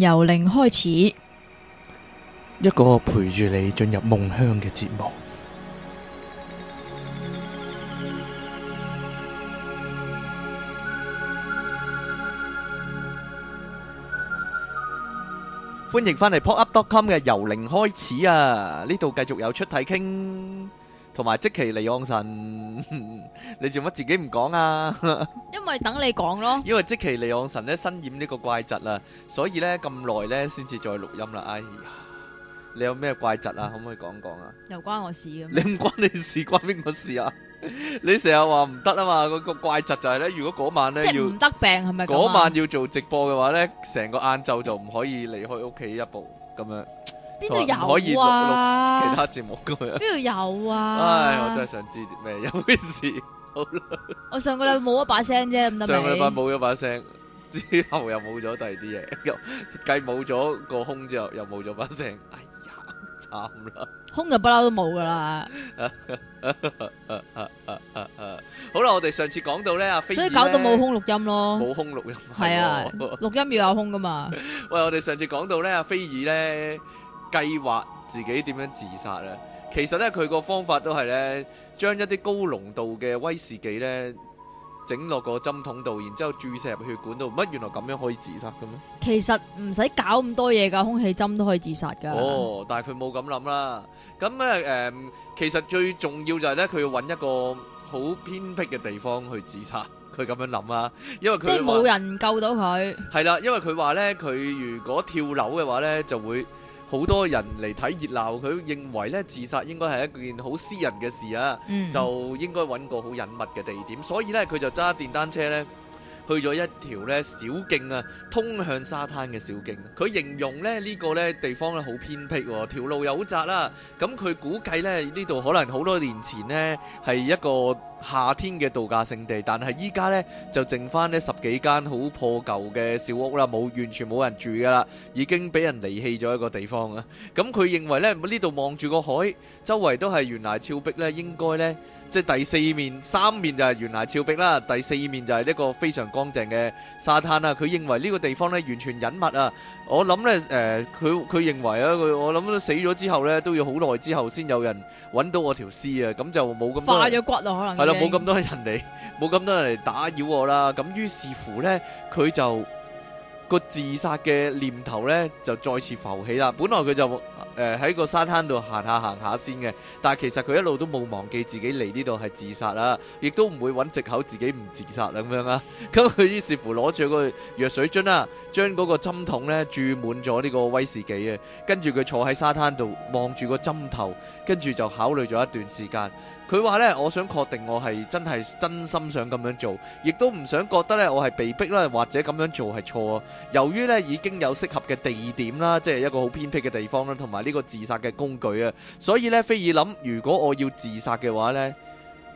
由零開始，一個陪住你進入夢鄉嘅節目。歡迎返嚟 pop up dot com 嘅由零開始啊！呢度繼續有出體傾。同埋即其離岸神，你做乜自己唔講啊？因為等你講咯。因為即其離岸神咧，身染呢個怪疾啦，所以咧咁耐咧先至再錄音啦。哎呀，你有咩怪疾啊？可唔可以講講啊？又關我事啊？你唔關你事，關邊個事啊？你成日話唔得啊嘛？嗰個怪疾就係咧，如果嗰晚咧要唔得病係咪？嗰晚要做直播嘅話咧，成個晏晝就唔可以離開屋企一步咁樣。邊度有啊？可以錄其他節目噶呀？邊度有啊？唉，我真係想知啲咩有咩事。好啦，我上個禮拜冇咗把聲啫，唔得咩？上個禮拜冇咗把聲，之後又冇咗第二啲嘢，又計冇咗個空之後，又冇咗把聲。哎呀，慘啦！空就不嬲都冇噶啦。好啦，我哋上次講到咧，阿菲爾，所以搞到冇空錄音咯，冇空錄音係啊，錄音要有空噶嘛？喂，我哋上次講到咧，阿菲爾咧。計劃自己點樣自殺咧？其實咧，佢個方法都係咧，將一啲高濃度嘅威士忌咧，整落個針筒度，然之後注射入血管度。乜原來咁樣可以自殺嘅咩？其實唔使搞咁多嘢噶，空氣針都可以自殺噶。哦，但係佢冇咁諗啦。咁咧，誒，其實最重要就係咧，佢要搵一個好偏僻嘅地方去自殺。佢咁樣諗啦，因為佢即係冇人救到佢。係啦，因為佢話咧，佢如果跳樓嘅話咧，就會。好多人嚟睇熱鬧，佢認為呢自殺應該係一件好私人嘅事啊，嗯、就應該揾個好隱密嘅地點，所以呢，佢就揸電單車呢。去咗一條咧小徑啊，通向沙灘嘅小徑。佢形容咧呢個咧地方咧好偏僻，條路又好窄啦。咁佢估計咧呢度可能好多年前呢係一個夏天嘅度假勝地，但係依家呢就剩翻呢十幾間好破舊嘅小屋啦，冇完全冇人住噶啦，已經俾人離棄咗一個地方啊。咁佢認為咧呢度望住個海，周圍都係懸崖峭壁咧，應該咧。即係第四面，三面就係懸崖峭壁啦，第四面就係呢個非常乾淨嘅沙灘啦，啊。佢認為呢個地方咧完全隱密啊。我諗咧誒，佢、呃、佢認為啊，佢我諗死咗之後咧都要好耐之後先有人揾到我條屍啊。咁就冇咁多，化咗骨啊，可能係啦，冇咁多人嚟，冇咁多人嚟打擾我啦。咁於是乎咧，佢就。個自殺嘅念頭呢，就再次浮起啦。本來佢就誒喺、呃、個沙灘度行下行下先嘅，但係其實佢一路都冇忘記自己嚟呢度係自殺啦，亦都唔會揾藉口自己唔自殺咁樣啊。咁佢於是乎攞住個藥水樽啦，將嗰個針筒呢注滿咗呢個威士忌啊。跟住佢坐喺沙灘度望住個針頭，跟住就考慮咗一段時間。佢話咧，我想確定我係真係真心想咁樣做，亦都唔想覺得咧我係被逼啦，或者咁樣做係錯啊。由於咧已經有適合嘅地點啦，即係一個好偏僻嘅地方啦，同埋呢個自殺嘅工具啊，所以咧，菲爾諗如果我要自殺嘅話咧，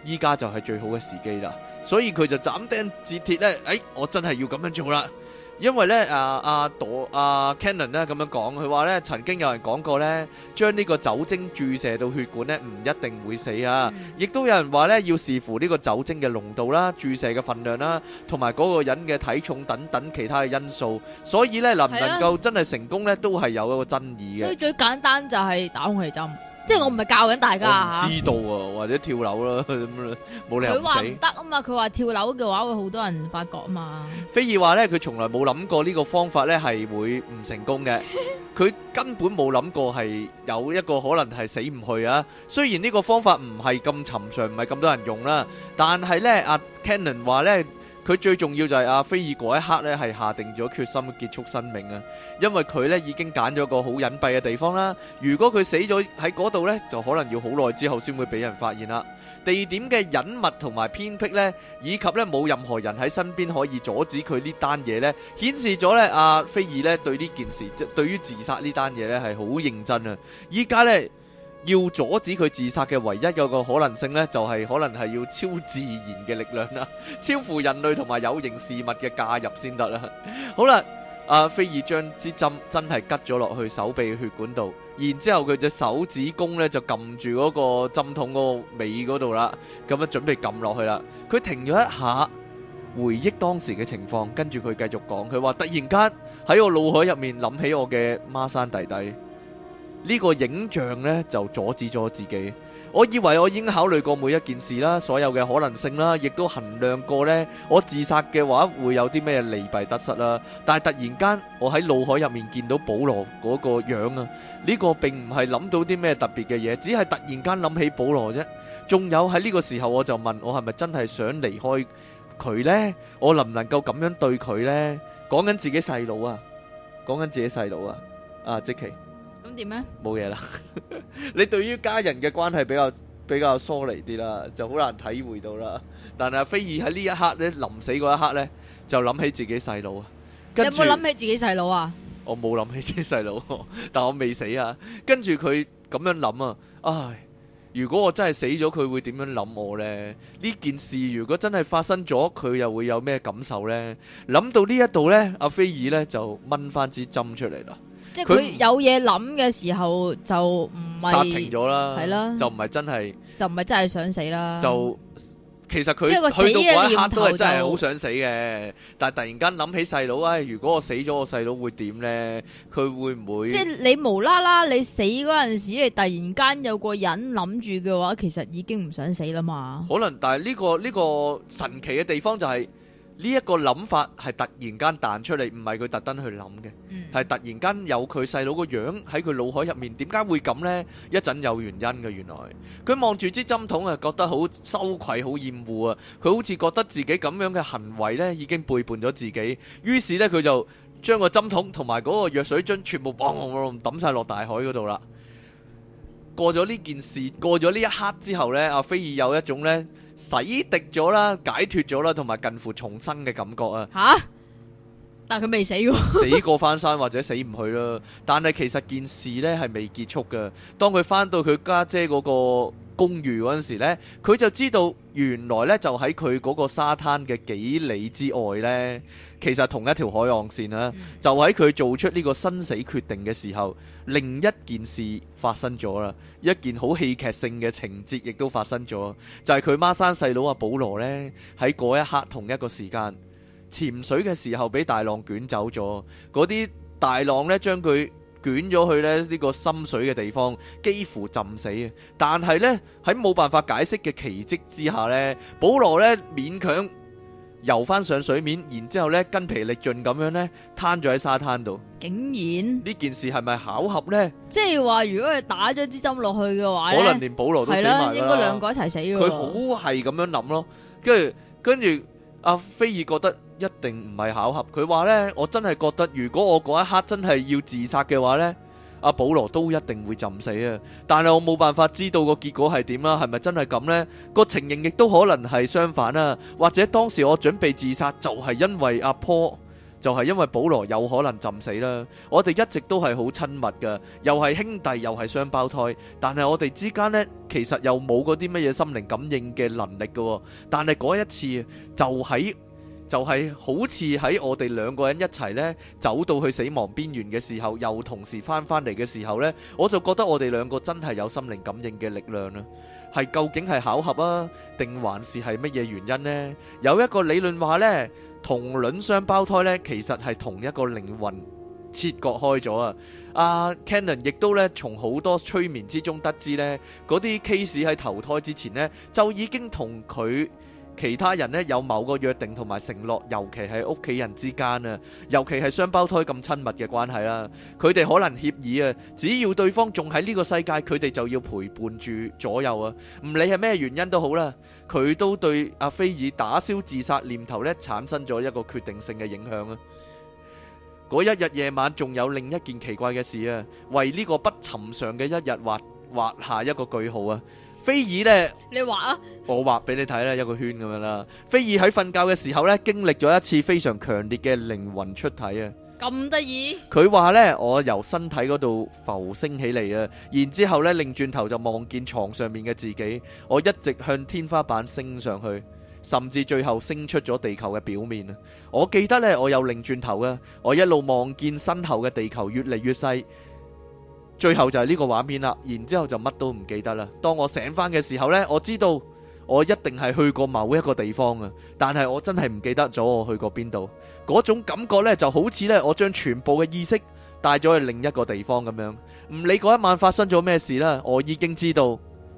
而家就係最好嘅時機啦。所以佢就斬釘截鐵咧，誒、哎，我真係要咁樣做啦。因為咧，阿阿朵阿 Cannon 咧咁樣講，佢話咧曾經有人講過咧，將呢個酒精注射到血管咧，唔一定會死啊！亦、嗯、都有人話咧，要視乎呢個酒精嘅濃度啦、注射嘅份量啦、同埋嗰個人嘅體重等等其他嘅因素，所以咧能唔能夠真係成功咧，啊、都係有一個爭議嘅。所以最簡單就係打空氣針。即係我唔係教緊大家啊！知道啊，或者跳樓啦咁啦，冇理由唔死。佢話唔得啊嘛！佢話跳樓嘅話會好多人發覺啊嘛。飛兒話咧，佢從來冇諗過呢個方法咧係會唔成功嘅。佢根本冇諗過係有一個可能係死唔去啊。雖然呢個方法唔係咁尋常，唔係咁多人用啦，但係咧，阿 Cannon 話咧。佢最重要就係阿菲爾嗰一刻咧，係下定咗決心結束生命啊！因為佢咧已經揀咗個好隱蔽嘅地方啦。如果佢死咗喺嗰度咧，就可能要好耐之後先會俾人發現啦。地點嘅隱密同埋偏僻咧，以及咧冇任何人喺身邊可以阻止佢呢單嘢，咧顯示咗咧阿菲爾咧對呢件事，即係對於自殺呢單嘢咧係好認真啊！依家咧。要阻止佢自殺嘅唯一有個可能性咧，就係可能係要超自然嘅力量啦，超乎人類同埋有形事物嘅介入先得啦。好啦，阿菲爾將支針真係拮咗落去手臂血管度，然之後佢隻手指公咧就撳住嗰個針筒個尾嗰度啦，咁樣準備撳落去啦。佢停咗一下，回憶當時嘅情況，跟住佢繼續講，佢話突然間喺我腦海入面諗起我嘅孖生弟弟。呢個影像呢就阻止咗自己。我以為我已經考慮過每一件事啦，所有嘅可能性啦，亦都衡量過呢。我自殺嘅話會有啲咩利弊得失啦。但係突然間我喺腦海入面見到保羅嗰個樣啊！呢個並唔係諗到啲咩特別嘅嘢，只係突然間諗起保羅啫。仲有喺呢個時候，我就問我係咪真係想離開佢呢？我能唔能夠咁樣對佢呢？講緊自己細佬啊，講緊自己細佬啊，啊，積奇。點咩？冇嘢啦。 你對於家人嘅關係比較比較疏離啲啦，就好難體會到啦。但係菲爾喺呢一刻咧，臨死嗰一刻咧，就諗起自己細佬啊。你有冇諗起自己細佬啊？我冇諗起自己細佬，但我未死啊。跟住佢咁樣諗啊，唉，如果我真係死咗，佢會點樣諗我咧？呢件事如果真係發生咗，佢又會有咩感受咧？諗到這呢一度咧，阿菲爾咧就掹翻支針出嚟啦。即係佢有嘢諗嘅時候就唔係，剎停咗啦，係啦，就唔係真係，就唔係真係想死啦。就其實佢去到嗰一刻都係真係好想死嘅，但係突然間諗起細佬，唉，如果我死咗，我細佬會點咧？佢會唔會？即係你無啦啦，你死嗰陣時，你突然間有個人諗住嘅話，其實已經唔想死啦嘛。可能，但係呢個呢個神奇嘅地方就係。呢一個諗法係突然間彈出嚟，唔係佢特登去諗嘅，係、嗯、突然間有佢細佬個樣喺佢腦海入面，點解會咁呢？一陣有原因嘅，原來佢望住支針筒啊，覺得懼懼好羞愧、好厭惡啊！佢好似覺得自己咁樣嘅行為呢已經背叛咗自己。於是呢，佢就將個針筒同埋嗰個藥水樽全部掟晒落大海嗰度啦。過咗呢件事，過咗呢一刻之後呢，阿菲爾有一種呢。洗滌咗啦，解脫咗啦，同埋近乎重生嘅感覺啊！吓？但佢未死喎， 死過翻山或者死唔去啦。但係其實件事呢係未結束㗎。當佢翻到佢家姐嗰、那個。公寓嗰陣時咧，佢就知道原來呢，就喺佢嗰個沙灘嘅幾里之外呢。其實同一條海岸線啦。就喺佢做出呢個生死決定嘅時候，另一件事發生咗啦，一件好戲劇性嘅情節亦都發生咗，就係佢孖生細佬阿保羅呢，喺嗰一刻同一個時間潛水嘅時候，俾大浪捲走咗。嗰啲大浪呢，將佢。捲咗去咧呢個深水嘅地方，幾乎浸死啊！但係咧喺冇辦法解釋嘅奇蹟之下咧，保羅咧勉強游翻上水面，然之後咧筋疲力盡咁樣咧攤咗喺沙灘度。竟然呢件事係咪巧合咧？即係話如果佢打咗支針落去嘅話，可能連保羅都死埋啦。係呀，應該兩個一齊死嘅。佢好係咁樣諗咯，跟住跟住。阿菲爾覺得一定唔係巧合，佢話呢，我真係覺得，如果我嗰一刻真係要自殺嘅話呢，阿保羅都一定會浸死啊！但係我冇辦法知道個結果係點啦，係咪真係咁呢？個情形亦都可能係相反啦，或者當時我準備自殺就係因為阿波。就係因為保羅有可能浸死啦，我哋一直都係好親密噶，又係兄弟，又係雙胞胎，但係我哋之間咧，其實又冇嗰啲乜嘢心靈感應嘅能力噶。但係嗰一次，就喺就係好似喺我哋兩個人一齊咧，走到去死亡邊緣嘅時候，又同時翻返嚟嘅時候咧，我就覺得我哋兩個真係有心靈感應嘅力量啦。係究竟係巧合啊，定還是係乜嘢原因呢？有一個理論話咧，同卵雙胞胎呢，其實係同一個靈魂切割開咗啊！Canon 亦都呢，從好多催眠之中得知呢，嗰啲 case 喺投胎之前呢，就已經同佢。其他人咧，有某個約定同埋承諾，尤其係屋企人之間啊，尤其係雙胞胎咁親密嘅關係啦。佢哋可能協議啊，只要對方仲喺呢個世界，佢哋就要陪伴住左右啊。唔理係咩原因都好啦，佢都對阿菲爾打消自殺念頭咧，產生咗一個決定性嘅影響啊。嗰一日夜晚仲有另一件奇怪嘅事啊，為呢個不尋常嘅一日畫畫下一個句號啊。菲爾呢？你畫啊，我畫俾你睇啦，一個圈咁樣啦。菲爾喺瞓覺嘅時候呢，經歷咗一次非常強烈嘅靈魂出體啊。咁得意？佢話呢，我由身體嗰度浮升起嚟啊，然之後呢，擰轉頭就望見床上面嘅自己。我一直向天花板升上去，甚至最後升出咗地球嘅表面啊。我記得呢，我有擰轉頭啊，我一路望見身後嘅地球越嚟越細。最後就係呢個畫面啦，然之後就乜都唔記得啦。當我醒翻嘅時候呢，我知道我一定係去過某一個地方啊，但係我真係唔記得咗我去過邊度。嗰種感覺呢，就好似呢，我將全部嘅意識帶咗去另一個地方咁樣。唔理嗰一晚發生咗咩事啦，我已經知道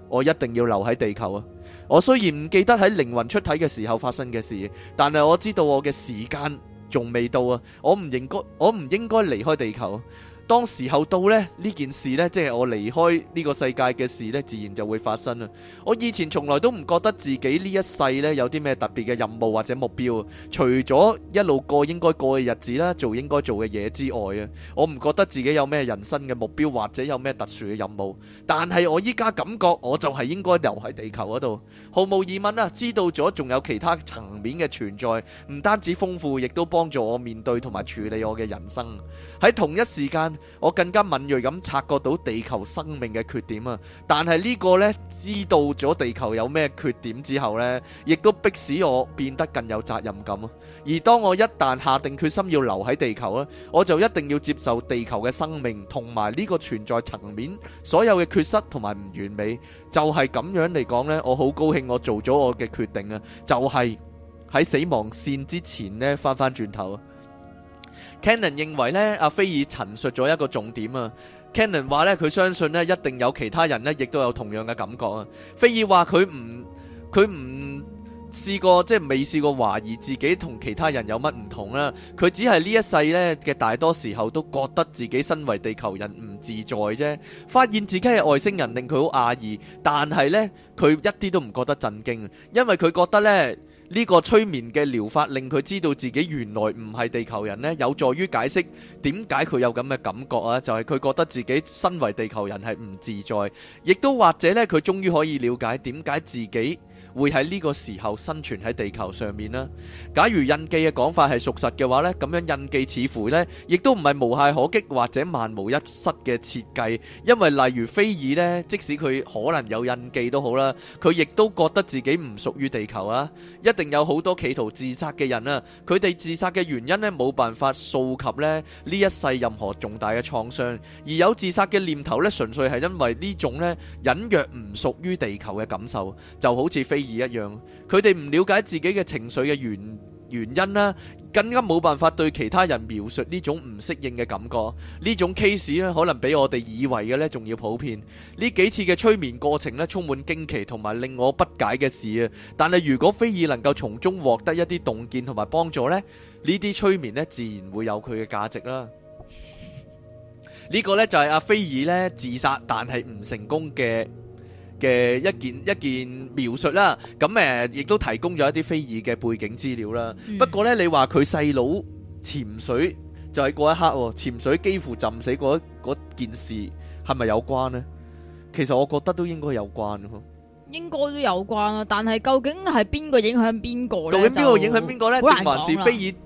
我一定要留喺地球啊。我雖然唔記得喺靈魂出體嘅時候發生嘅事，但係我知道我嘅時間仲未到啊。我唔應該，我唔應該離開地球。當時候到呢，呢件事呢，即係我離開呢個世界嘅事呢，自然就會發生啦。我以前從來都唔覺得自己呢一世呢，有啲咩特別嘅任務或者目標，除咗一路過應該過嘅日子啦，做應該做嘅嘢之外啊，我唔覺得自己有咩人生嘅目標或者有咩特殊嘅任務。但係我依家感覺我就係應該留喺地球嗰度，毫無疑問啊。知道咗仲有其他層面嘅存在，唔單止豐富，亦都幫助我面對同埋處理我嘅人生。喺同一時間。我更加敏銳咁察覺到地球生命嘅缺點啊！但係呢個呢，知道咗地球有咩缺點之後呢，亦都迫使我變得更有責任感啊！而當我一旦下定決心要留喺地球啊，我就一定要接受地球嘅生命同埋呢個存在層面所有嘅缺失同埋唔完美。就係咁樣嚟講呢，我好高興我做咗我嘅決定啊！就係喺死亡線之前呢，返返轉頭。Cannon 認為咧，阿菲爾陳述咗一個重點啊。Cannon 話咧，佢相信咧，一定有其他人咧，亦都有同樣嘅感覺啊。菲爾話佢唔佢唔試過，即係未試過懷疑自己同其他人有乜唔同啦、啊。佢只係呢一世咧嘅大多時候都覺得自己身為地球人唔自在啫，發現自己係外星人令佢好訝異，但係咧佢一啲都唔覺得震驚，因為佢覺得咧。呢個催眠嘅療法令佢知道自己原來唔係地球人呢，有助於解釋點解佢有咁嘅感覺啊！就係、是、佢覺得自己身為地球人係唔自在，亦都或者呢，佢終於可以了解點解自己會喺呢個時候生存喺地球上面啦。假如印記嘅講法係屬實嘅話呢，咁樣印記似乎呢，亦都唔係無懈可擊或者萬無一失嘅設計。因為例如菲爾呢，即使佢可能有印記都好啦，佢亦都覺得自己唔屬於地球啊。一定有好多企圖自殺嘅人啊，佢哋自殺嘅原因呢，冇辦法訴及呢，呢一世任何重大嘅創傷，而有自殺嘅念頭呢，純粹係因為呢種呢，隱約唔屬於地球嘅感受，就好似菲。一樣，佢哋唔了解自己嘅情緒嘅原原因啦，更加冇辦法對其他人描述呢種唔適應嘅感覺。呢種 case 咧，可能比我哋以為嘅呢仲要普遍。呢幾次嘅催眠過程咧，充滿驚奇同埋令我不解嘅事啊！但係如果菲爾能夠從中獲得一啲洞見同埋幫助咧，呢啲催眠咧，自然會有佢嘅價值啦。呢 個呢就係阿菲爾咧自殺，但係唔成功嘅。嘅一件一件描述啦，咁誒亦都提供咗一啲菲爾嘅背景資料啦。不過咧，你話佢細佬潛水就喺嗰一刻，潛水幾乎浸死嗰嗰件事係咪有關咧？其實我覺得都應該有關，應該都有關啊。但係究竟係邊個影響邊個咧？究竟邊個影響邊個咧？定還是菲爾？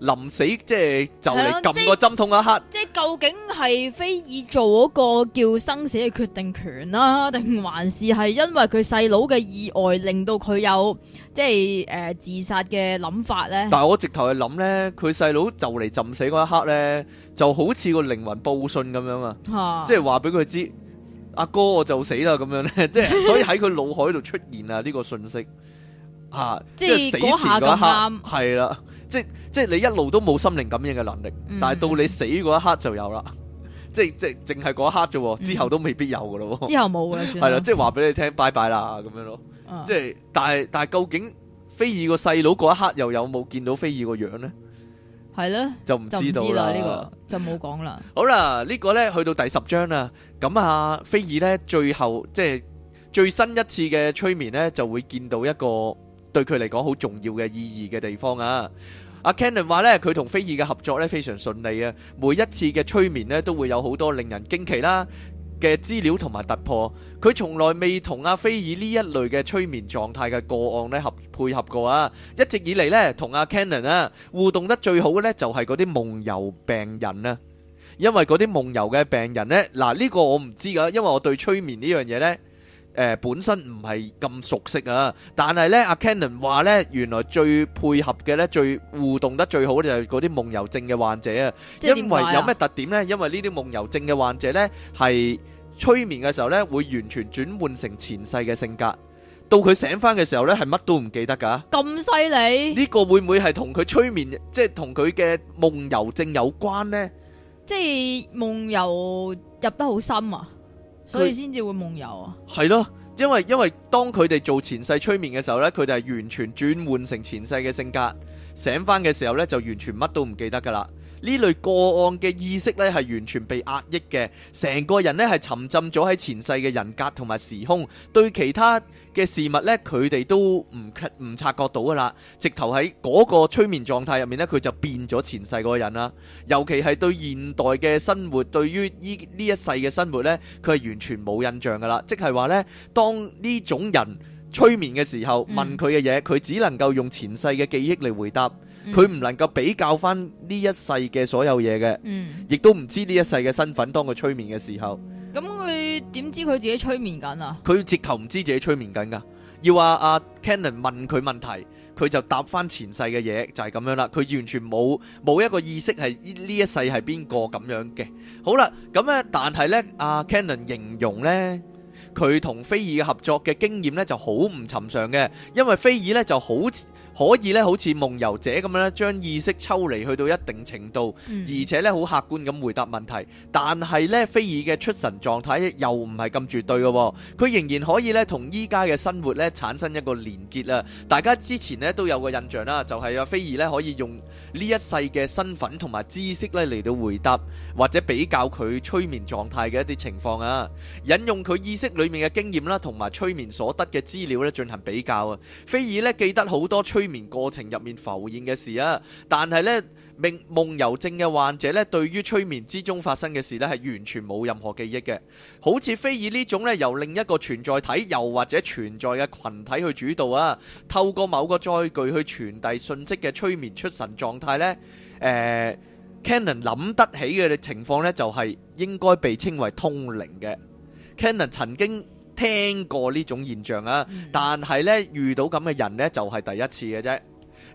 臨死即係就嚟撳個針痛一刻，啊、即係究竟係非以做嗰個叫生死嘅決定權啦、啊，定還是係因為佢細佬嘅意外令到佢有即係誒、呃、自殺嘅諗法咧？但係我直頭去諗咧，佢細佬就嚟浸死嗰一刻咧，就好似個靈魂報信咁樣啊即，即係話俾佢知阿哥我就死啦咁樣咧， 即係所以喺佢腦海度出現啊呢個信息，吓、啊、即係是死前嗰下嗰刻係啦。即係你一路都冇心靈感應嘅能力，嗯、但係到你死嗰一刻就有啦。即係即係淨係嗰一刻啫，之後都未必有噶咯、嗯。之後冇嘅算係啦。即係話俾你聽， 拜拜啦咁樣咯。啊、即係但係但係，究竟菲爾個細佬嗰一刻又有冇見到菲爾個樣子呢？係咧呢、這個，就唔知道啦。呢個就冇講啦。好啦、呢、呢個呢，去到第十章啦。咁啊，菲爾呢，最後即係最新一次嘅催眠呢，就會見到一個對佢嚟講好重要嘅意義嘅地方啊。阿 Cannon 話咧，佢同菲爾嘅合作咧非常順利啊！每一次嘅催眠咧，都會有好多令人驚奇啦嘅資料同埋突破。佢從來未同阿菲爾呢一類嘅催眠狀態嘅個案咧合配合過啊！一直以嚟咧，同阿 Cannon 啊互動得最好嘅咧，就係嗰啲夢遊病人啊！因為嗰啲夢遊嘅病人咧，嗱、這、呢個我唔知噶，因為我對催眠呢樣嘢咧，誒本身唔係咁熟悉啊，但係咧阿 Cannon 話咧，原來最配合嘅咧、最互動得最好就係嗰啲夢遊症嘅患者啊，因為有咩特點咧？因為呢啲夢遊症嘅患者咧，係催眠嘅時候咧，會完全轉換成前世嘅性格，到佢醒返嘅時候咧，係乜都唔記得㗎。咁犀利？呢個會唔會係同佢催眠，即係同佢嘅夢遊症有關咧？即係夢遊入得好深啊！所以先至會夢遊啊！係咯， 因為因為當佢哋做前世催眠嘅時候呢，佢哋係完全轉換成前世嘅性格，醒翻嘅時候呢就完全乜都唔記得噶啦。呢類個案嘅意識咧，係完全被壓抑嘅，成個人咧，係沉浸咗喺前世嘅人格同埋時空，對其他嘅事物咧佢哋都唔唔察覺到噶啦。直頭喺嗰個催眠狀態入面咧，佢就變咗前世嗰個人啦。尤其係對現代嘅生活，對於呢一世嘅生活咧，佢係完全冇印象噶啦。即係話咧，當呢種人催眠嘅時候，嗯、問佢嘅嘢，佢只能夠用前世嘅記憶嚟回答。佢唔能夠比較翻呢一世嘅所有嘢嘅，嗯，亦都唔知呢一世嘅身份。當佢催眠嘅時候，咁佢點知佢自己催眠緊啊？佢直頭唔知自己催眠緊噶，要話阿 Cannon 問佢問題，佢就答翻前世嘅嘢，就係咁樣啦。佢完全冇冇一個意識係呢一世係邊個咁樣嘅。好啦，咁咧，但係咧，阿 Cannon 形容咧。佢同菲爾嘅合作嘅經驗咧就好唔尋常嘅，因為菲爾咧就好可以咧好似夢遊者咁樣咧將意識抽離去到一定程度，嗯、而且咧好客觀咁回答問題。但係咧菲爾嘅出神狀態又唔係咁絕對嘅，佢仍然可以咧同依家嘅生活咧產生一個連結啊！大家之前咧都有個印象啦，就係、是、阿菲爾咧可以用呢一世嘅身份同埋知識咧嚟到回答或者比較佢催眠狀態嘅一啲情況啊！引用佢意識裏。裏面嘅經驗啦，同埋催眠所得嘅資料咧進行比較啊。菲爾咧記得好多催眠過程入面浮現嘅事啊，但係呢，夢夢遊症嘅患者咧對於催眠之中發生嘅事咧係完全冇任何記憶嘅。好似菲爾呢種由另一個存在體又或者存在嘅群體去主導啊，透過某個載具去傳遞信息嘅催眠出神狀態呢誒、呃、Cannon 諗得起嘅情況呢，就係應該被稱為通靈嘅。Cannon 曾經聽過呢種現象啊，但係呢遇到咁嘅人呢，就係第一次嘅啫。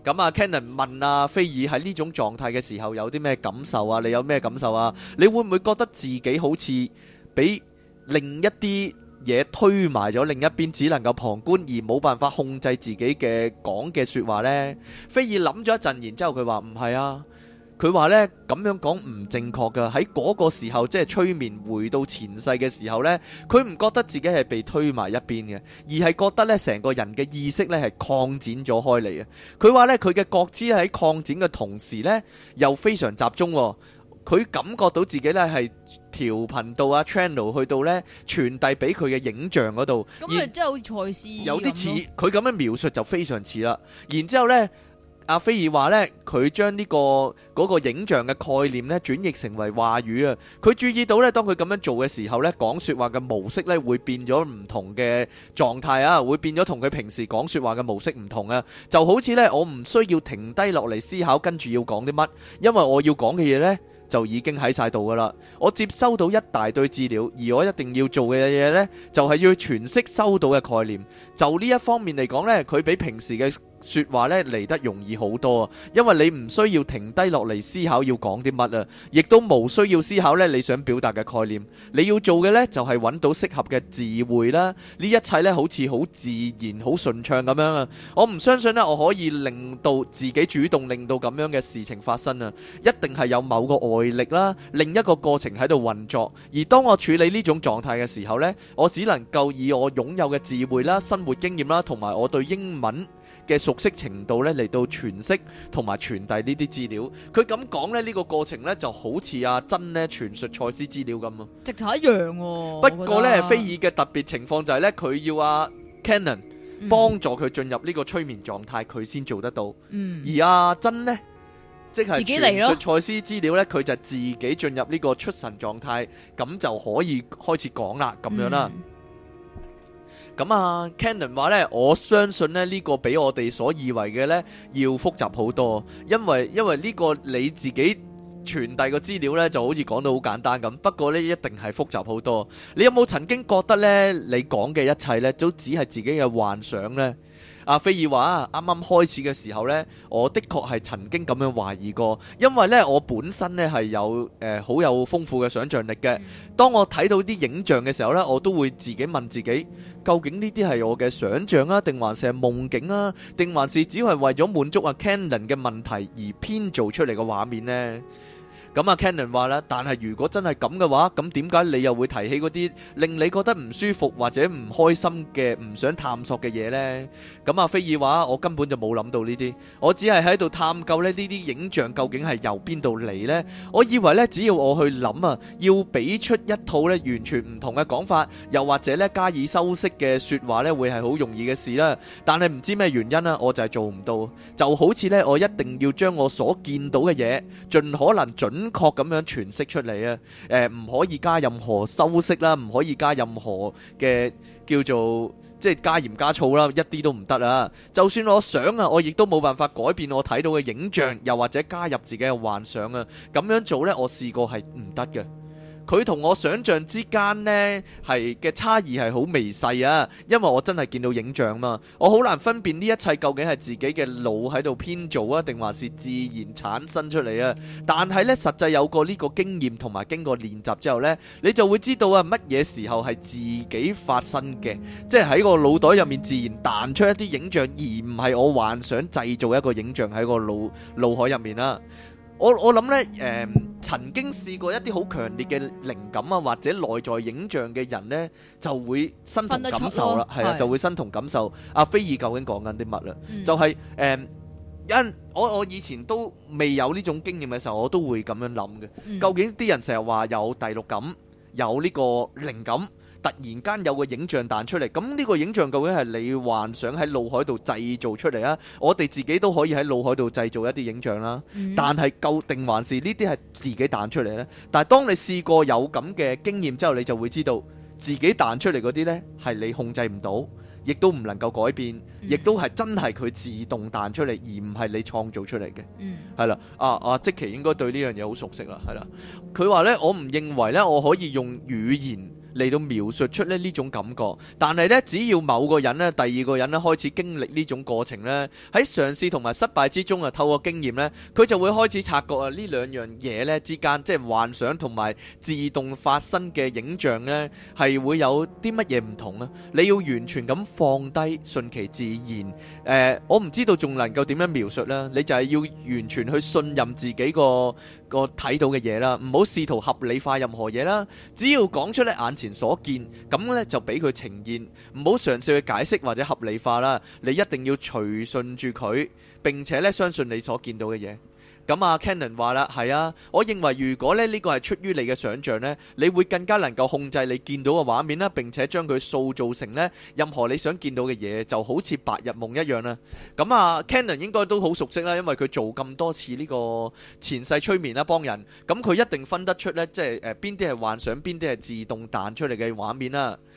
咁啊，Cannon 問啊，菲爾喺呢種狀態嘅時候有啲咩感受啊？你有咩感受啊？你會唔會覺得自己好似俾另一啲嘢推埋咗，另一邊只能夠旁觀而冇辦法控制自己嘅講嘅説話呢？菲爾諗咗一陣，然之後佢話唔係啊。佢話呢，咁樣講唔正確噶，喺嗰個時候即係催眠回到前世嘅時候呢，佢唔覺得自己係被推埋一邊嘅，而係覺得呢成個人嘅意識呢係擴展咗開嚟嘅。佢話呢，佢嘅覺知喺擴展嘅同時呢又非常集中哦。佢感覺到自己呢係調頻道啊 channel 去到呢傳遞俾佢嘅影像嗰度。咁佢真係好似財，有啲似佢咁樣描述就非常似啦。然之後呢阿菲爾話咧，佢將呢個嗰個影像嘅概念咧，轉譯成為話語啊。佢注意到咧，當佢咁樣做嘅時候咧，講說話嘅模式咧，會變咗唔同嘅狀態啊，會變咗同佢平時講說話嘅模式唔同啊。就好似咧，我唔需要停低落嚟思考，跟住要講啲乜，因為我要講嘅嘢咧就已經喺晒度噶啦。我接收到一大堆資料，而我一定要做嘅嘢咧，就係要詮釋收到嘅概念。就呢一方面嚟講咧，佢比平時嘅。說話咧嚟得容易好多啊，因為你唔需要停低落嚟思考要講啲乜啊，亦都無需要思考咧你想表達嘅概念。你要做嘅呢，就係揾到適合嘅詞彙啦，呢一切呢，好似好自然、好順暢咁樣啊。我唔相信呢，我可以令到自己主動令到咁樣嘅事情發生啊。一定係有某個外力啦，另一個過程喺度運作。而當我處理呢種狀態嘅時候呢，我只能夠以我擁有嘅智慧啦、生活經驗啦，同埋我對英文。嘅熟悉程度咧嚟到詮釋同埋傳遞呢啲資料，佢咁講咧呢、呢個過程咧就好似阿珍咧傳述賽斯資料咁直頭一樣喎。樣哦、不過咧，菲爾嘅特別情況就係咧，佢要阿、啊、Cannon 幫助佢進入呢個催眠狀態，佢先、嗯、做得到。嗯，而阿珍呢，即、就、係、是、傳述賽斯資料咧，佢就自己進入呢個出神狀態，咁就可以開始講啦，咁樣啦。嗯咁啊，Canon 話呢，我相信呢個比我哋所以為嘅呢，要複雜好多，因為因為呢個你自己傳遞嘅資料呢，就好似講到好簡單咁，不過呢，一定係複雜好多。你有冇曾經覺得呢？你講嘅一切呢，都只係自己嘅幻想呢？阿菲爾話啱啱開始嘅時候呢，我的確係曾經咁樣懷疑過，因為呢，我本身呢係有誒好、呃、有豐富嘅想像力嘅。當我睇到啲影像嘅時候呢，我都會自己問自己，究竟呢啲係我嘅想像啊，定還是係夢境啊，定還是只係為咗滿足阿 Cannon 嘅問題而編造出嚟嘅畫面呢？咁啊，Cannon 話啦，但係如果真係咁嘅話，咁點解你又會提起嗰啲令你覺得唔舒服或者唔開心嘅、唔想探索嘅嘢呢？咁啊，菲爾話：我根本就冇諗到呢啲，我只係喺度探究呢呢啲影像究竟係由邊度嚟呢？我以為呢只要我去諗啊，要俾出一套呢完全唔同嘅講法，又或者呢加以修飾嘅説話呢，會係好容易嘅事啦。但係唔知咩原因啦，我就係做唔到。就好似呢，我一定要將我所見到嘅嘢盡可能準。準確咁樣詮釋出嚟啊！誒，唔可以加任何修飾啦，唔可以加任何嘅叫做即係加鹽加醋啦，一啲都唔得啦。就算我想啊，我亦都冇辦法改變我睇到嘅影像，又或者加入自己嘅幻想啊！咁樣做呢，我試過係唔得嘅。佢同我想象之間呢係嘅差異係好微細啊，因為我真係見到影像嘛，我好難分辨呢一切究竟係自己嘅腦喺度編造啊，定還是自然產生出嚟啊？但係呢，實際有過呢個經驗同埋經過練習之後呢，你就會知道啊，乜嘢時候係自己發生嘅，即係喺個腦袋入面自然彈出一啲影像，而唔係我幻想製造一個影像喺個腦腦海入面啦。我我諗咧，誒、呃、曾經試過一啲好強烈嘅靈感啊，或者內在影像嘅人呢，就會身同感受啦，係啊的，就會身同感受阿的、啊、菲爾究竟講緊啲乜啦，嗯、就係、是、誒，因、呃、我我以前都未有呢種經驗嘅時候，我都會咁樣諗嘅，究竟啲人成日話有第六感，有呢個靈感。突然間有個影像彈出嚟，咁呢個影像究竟係你幻想喺腦海度製造出嚟啊？我哋自己都可以喺腦海度製造一啲影像啦。嗯、但係夠定還是呢啲係自己彈出嚟呢？但係當你試過有咁嘅經驗之後，你就會知道自己彈出嚟嗰啲呢，係你控制唔到，亦都唔能夠改變，亦都係真係佢自動彈出嚟，而唔係你創造出嚟嘅。係啦、嗯，啊啊，即奇應該對呢樣嘢好熟悉啦。係啦，佢話呢，我唔認為呢，我可以用語言。嚟到描述出咧呢種感覺，但係咧只要某個人咧第二個人咧開始經歷呢種過程咧，喺嘗試同埋失敗之中啊，透過經驗咧，佢就會開始察覺啊呢兩樣嘢咧之間，即係幻想同埋自動發生嘅影像咧，係會有啲乜嘢唔同啊！你要完全咁放低，順其自然。誒，我唔知道仲能夠點樣描述啦，你就係要完全去信任自己個個睇到嘅嘢啦，唔好試圖合理化任何嘢啦。只要講出咧眼前所見咁呢，就俾佢呈現，唔好嘗試去解釋或者合理化啦。你一定要隨順住佢，並且咧相信你所見到嘅嘢。咁啊，Cannon 話啦，係啊，我認為如果咧呢個係出於你嘅想像呢，你會更加能夠控制你見到嘅畫面啦，並且將佢塑造成呢任何你想見到嘅嘢，就好似白日夢一樣啦。咁啊，Cannon 應該都好熟悉啦，因為佢做咁多次呢個前世催眠啦，幫人，咁佢一定分得出呢，即係誒邊啲係幻想，邊啲係自動彈出嚟嘅畫面啦。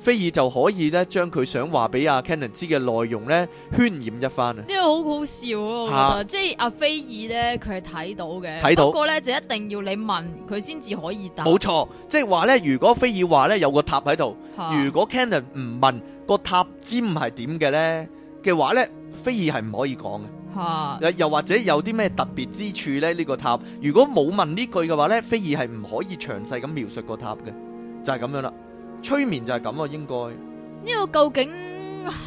菲爾就可以咧將佢想話俾阿 Cannon 知嘅內容咧渲染一番，啊！呢個好好笑啊，我覺得。啊即係阿菲爾咧，佢係睇到嘅。睇得到，不過咧就一定要你問佢先至可以答。冇錯，即係話咧，如果菲爾話咧有個塔喺度，啊、如果 Cannon 唔問個塔尖係點嘅咧嘅話咧，菲爾係唔可以講嘅。嚇！啊、又或者有啲咩特別之處咧？呢、呢個塔如果冇問呢句嘅話咧，菲爾係唔可以詳細咁描述個塔嘅，就係、是、咁樣啦。催眠就係咁啊，應該呢個究竟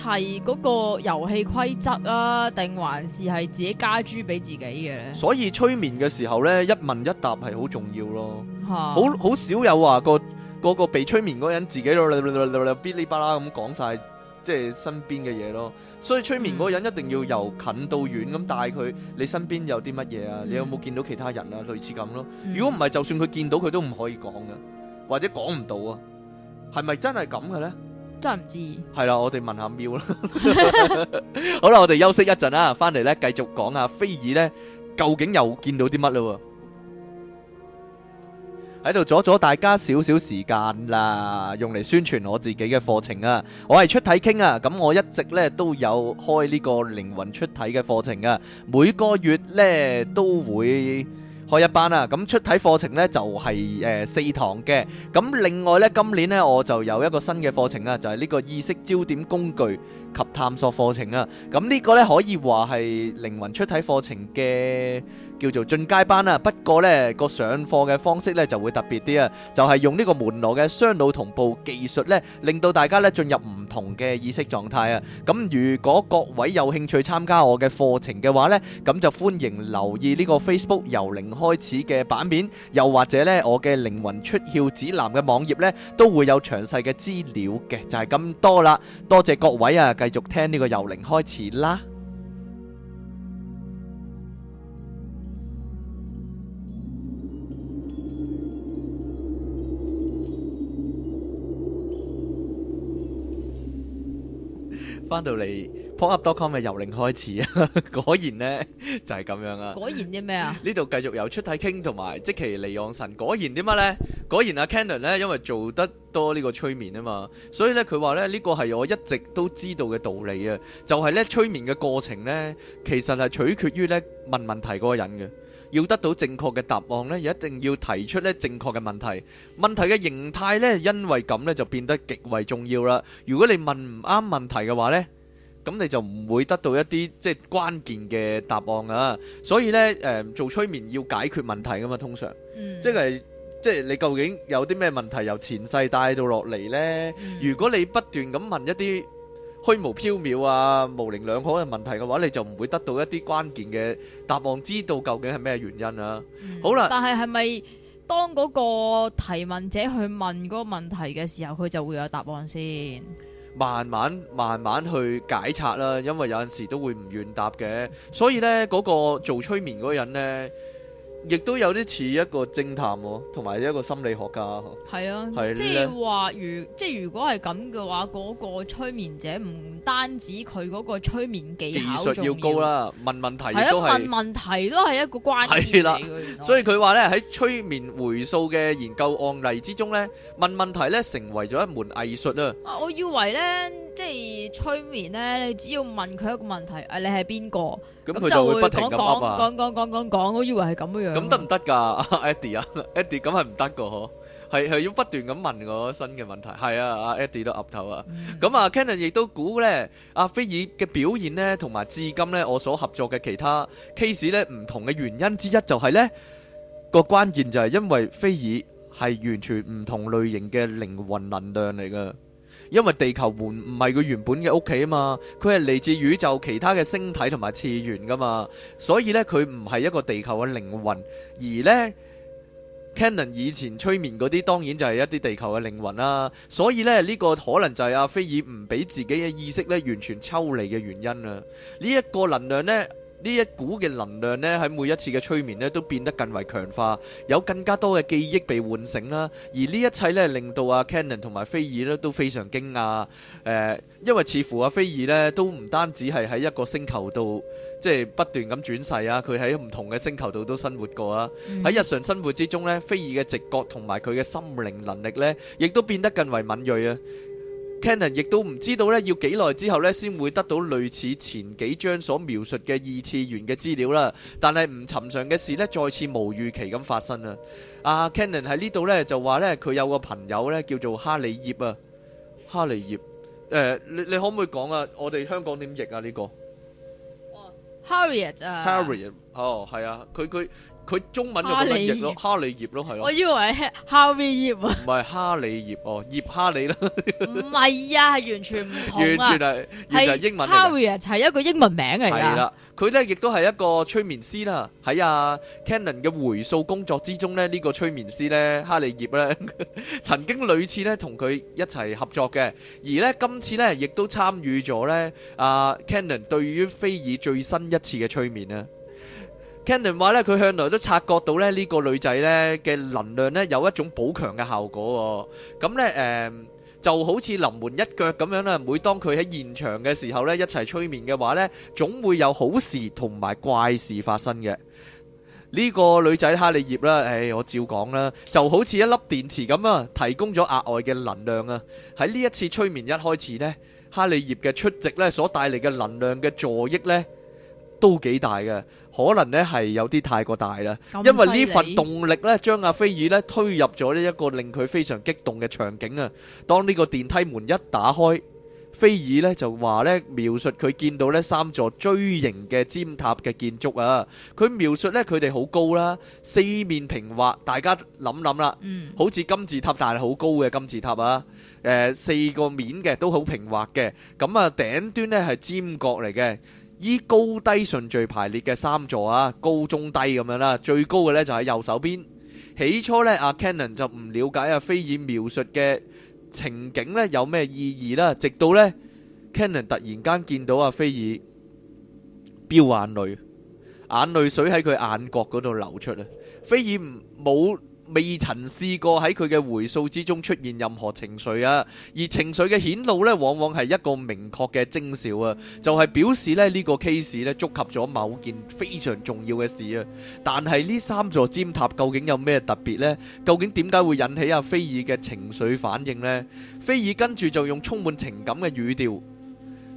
係嗰個遊戲規則啊，定還是係自己加諸俾自己嘅咧？所以催眠嘅時候咧，一問一答係好重要咯， 好好少有話個個被催眠嗰人自己嗶哩吧啦咁講晒，即係身邊嘅嘢咯。所以催眠嗰個人一定要由近到遠咁帶佢，你身邊有啲乜嘢啊？你有冇見到其他人啊？類似咁咯。如果唔係，就算佢見到佢都唔可以講噶、啊，或者講唔到啊。係咪真係咁嘅呢？真係唔知。係啦，我哋問下 Miao 啦。好啦，我哋休息一陣啦，翻嚟呢繼續講下菲爾呢，究竟又見到啲乜咯？喺度阻咗大家少少時間啦，用嚟宣傳我自己嘅課程啊！我係出體傾啊，咁我一直呢都有開呢個靈魂出體嘅課程啊，每個月呢都會。開一班啦，咁出體課程呢就係、是、誒、呃、四堂嘅，咁另外呢，今年呢我就有一個新嘅課程啦、啊，就係、是、呢個意識焦點工具及探索課程啊，咁呢個呢可以話係靈魂出體課程嘅。叫做進階班啊，不過呢個上課嘅方式呢就會特別啲啊，就係用呢個門羅嘅雙腦同步技術呢，令到大家呢進入唔同嘅意識狀態啊。咁如果各位有興趣參加我嘅課程嘅話呢，咁就歡迎留意呢個 Facebook 由零開始嘅版面，又或者呢我嘅靈魂出竅指南嘅網頁呢都會有詳細嘅資料嘅，就係咁多啦。多謝各位啊，繼續聽呢個由零開始啦。翻到嚟 Pop Up.com 咪由零開始啊！果然咧就係咁樣啊！果然啲咩啊？呢度繼續由出體傾同埋即其離昂神。果然啲乜咧？果然阿 Kenner 咧，因為做得多呢個催眠啊嘛，所以咧佢話咧呢，呢個係我一直都知道嘅道理啊！就係咧催眠嘅過程咧，其實係取決於咧問問題嗰個人嘅。要得到正確嘅答案呢，一定要提出呢正確嘅問題。問題嘅形態呢，因為咁呢就變得極為重要啦。如果你問唔啱問題嘅話呢，咁你就唔會得到一啲即係關鍵嘅答案啊。所以呢，誒做催眠要解決問題噶嘛，通常，即係即係你究竟有啲咩問題由前世帶到落嚟呢？如果你不斷咁問一啲虛無縹渺、啊，模棱兩可嘅問題嘅話，你就唔會得到一啲關鍵嘅答案，知道究竟係咩原因啊？嗯、好啦，但係係咪當嗰個提問者去問嗰個問題嘅時候，佢就會有答案先？慢慢慢慢去解拆啦、啊，因為有陣時候都會唔願答嘅，所以呢，嗰、那個做催眠嗰個人呢。亦都有啲似一個偵探、啊，同埋一個心理學家。係啊，是呢即係話如，即係如果係咁嘅話，嗰、那個催眠者唔單止佢嗰個催眠技巧重要啦，問問題係啊，問問題都係一個關鍵、啊。所以佢話咧喺催眠回溯嘅研究案例之中咧，問問題咧成為咗一門藝術啊！我以為咧，即係催眠咧，你只要問佢一個問題，你係邊個？咁佢就會不停咁噏啊！講講講講講，我以為係咁樣。咁得唔得噶，Eddie 啊？Eddie 咁係唔得個嗬，係係要不斷咁問我新嘅問題。係啊，阿 Eddie 都噏頭啊。咁啊，Cannon 亦都估咧，阿菲爾嘅表現咧，同埋至今咧，我所合作嘅其他 case 咧，唔同嘅原因之一，就係咧個關鍵就係因為菲爾係完全唔同類型嘅靈魂能量嚟㗎。因為地球換唔係佢原本嘅屋企啊嘛，佢係嚟自宇宙其他嘅星體同埋次元噶嘛，所以呢，佢唔係一個地球嘅靈魂，而呢 Cannon 以前催眠嗰啲當然就係一啲地球嘅靈魂啦，所以呢，呢個可能就係阿菲爾唔俾自己嘅意識咧完全抽離嘅原因啊，呢、這、一個能量呢。呢一股嘅能量呢，喺每一次嘅催眠呢，都變得更為強化，有更加多嘅記憶被喚醒啦。而呢一切呢，令到阿 Cannon 同埋菲爾呢都非常驚訝。誒、呃，因為似乎阿菲爾呢，都唔單止係喺一個星球度，即係不斷咁轉世啊。佢喺唔同嘅星球度都生活過啊。喺、mm hmm. 日常生活之中呢，菲爾嘅直覺同埋佢嘅心靈能力呢，亦都變得更為敏鋭啊。Cannon 亦都唔知道呢，要幾耐之後呢，先會得到類似前幾章所描述嘅二次元嘅資料啦。但係唔尋常嘅事呢，再次無預期咁發生啦。阿、啊、Cannon 喺呢度呢，就話呢，佢有個朋友呢，叫做哈里葉啊，哈里葉。誒、呃，你你可唔可以講啊？我哋香港點譯啊？呢、呢個。Harriet 啊、uh。Harriet，哦，係啊，佢佢。佢中文就唔識咯，哈利葉咯，係咯。我以為 Harry 葉啊。唔係哈利葉哦，葉哈利啦。唔係啊，係完全唔同、啊、完全係係是英文嚟。Harry 係一個英文名嚟㗎。係啦，佢咧亦都係一個催眠師啦。喺啊 Cannon 嘅回溯工作之中咧，呢、這個催眠師咧，哈利葉咧， 曾經屢次咧同佢一齊合作嘅，而咧今次咧亦都參與咗咧，阿、啊、Cannon 對於菲爾最新一次嘅催眠咧。Cannon 話咧，佢向來都察覺到咧，呢個女仔呢嘅能量呢有一種補強嘅效果。咁咧誒，就好似臨門一腳咁樣啦。每當佢喺現場嘅時候呢，一齊催眠嘅話呢，總會有好事同埋怪事發生嘅。呢、這個女仔哈利葉啦，誒、哎、我照講啦，就好似一粒電池咁啊，提供咗額外嘅能量啊。喺呢一次催眠一開始呢，哈利葉嘅出席呢所帶嚟嘅能量嘅助益呢都幾大嘅。可能咧係有啲太過大啦，因為呢份動力咧，將阿菲爾咧推入咗呢一個令佢非常激動嘅場景啊！當呢個電梯門一打開，菲爾咧就話咧描述佢見到咧三座錐形嘅尖塔嘅建築啊！佢描述咧佢哋好高啦，四面平滑，大家諗諗啦，嗯，好似金字塔但係好高嘅金字塔啊！誒，四個面嘅都好平滑嘅，咁啊頂端咧係尖角嚟嘅。依高低順序排列嘅三座啊，高中低咁樣啦，最高嘅呢就喺右手邊。起初呢，阿、啊、Canon 就唔了解阿、啊、菲爾描述嘅情景呢有咩意義啦，直到呢 Canon 突然間見到阿、啊、菲爾飆眼淚，眼淚水喺佢眼角嗰度流出啊，菲爾唔冇，未曾試過喺佢嘅回溯之中出現任何情緒啊，而情緒嘅顯露咧，往往係一個明確嘅徵兆啊，就係、是、表示咧呢個 case 咧觸及咗某件非常重要嘅事啊。但係呢三座尖塔究竟有咩特別呢？究竟點解會引起阿、啊、菲爾嘅情緒反應呢？菲爾跟住就用充滿情感嘅語調，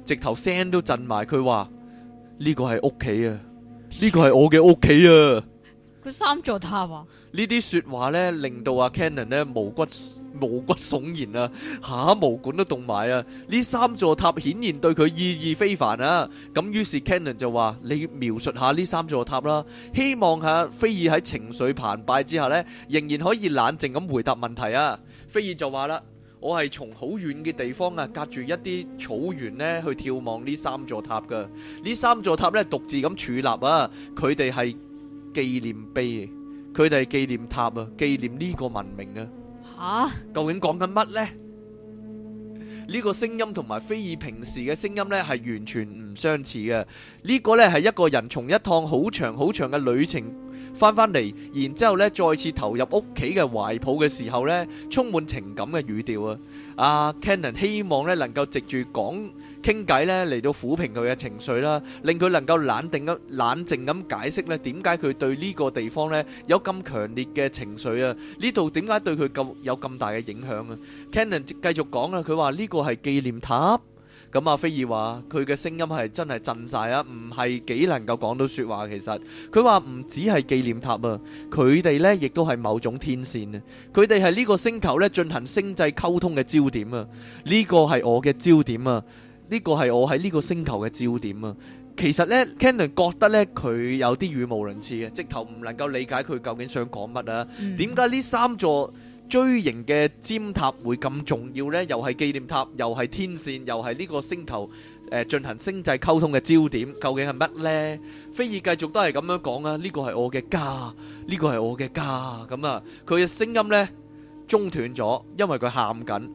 直頭聲都震埋，佢話：呢個係屋企啊，呢個係我嘅屋企啊。佢、啊、三座塔啊！這些說呢啲說話咧，令到阿 Cannon 咧毛骨毛骨悚然啊！嚇毛管都凍埋啊！呢三座塔顯然對佢意義非凡啊！咁於是 Cannon 就話：你描述下呢三座塔啦，希望下、啊、菲爾喺情緒澎湃之下呢，仍然可以冷靜咁回答問題啊！菲爾就話啦：我係從好遠嘅地方啊，隔住一啲草原呢，去眺望呢三座塔嘅。呢三座塔呢，獨自咁矗立啊，佢哋係紀念碑。佢哋係紀念塔啊，紀念呢個文明啊。嚇，究竟講緊乜咧？呢個聲音同埋菲爾平時嘅聲音咧，係完全唔相似嘅。呢個咧係一個人從一趟好長好長嘅旅程翻翻嚟，然之後咧再次投入屋企嘅懷抱嘅時候咧，充滿情感嘅語調啊！啊，Cannon 希望咧能夠藉住講，傾偈咧，嚟到撫平佢嘅情緒啦，令佢能夠冷靜咁冷靜咁解釋咧，點解佢對呢個地方咧有咁強烈嘅情緒啊？呢度點解對佢咁有咁大嘅影響啊？Cannon 繼續講啊，佢話呢個係紀念塔。咁啊，菲爾話佢嘅聲音係真係震曬啊，唔係幾能夠講到説話。其實佢話唔止係紀念塔啊，佢哋咧亦都係某種天線啊。佢哋係呢個星球咧進行星際溝通嘅焦點啊。呢個係我嘅焦點啊。呢個係我喺呢個星球嘅焦點啊！其實咧，Cannon 覺得咧佢有啲語無倫次嘅，直頭唔能夠理解佢究竟想講乜啊？點解呢三座錐形嘅尖塔會咁重要咧？又係紀念塔，又係天線，又係呢個星球誒進行星際溝通嘅焦點，究竟係乜咧？菲爾繼續都係咁樣講啊！呢個係我嘅家，呢個係我嘅家咁啊！佢嘅聲音咧中斷咗，因為佢喊緊。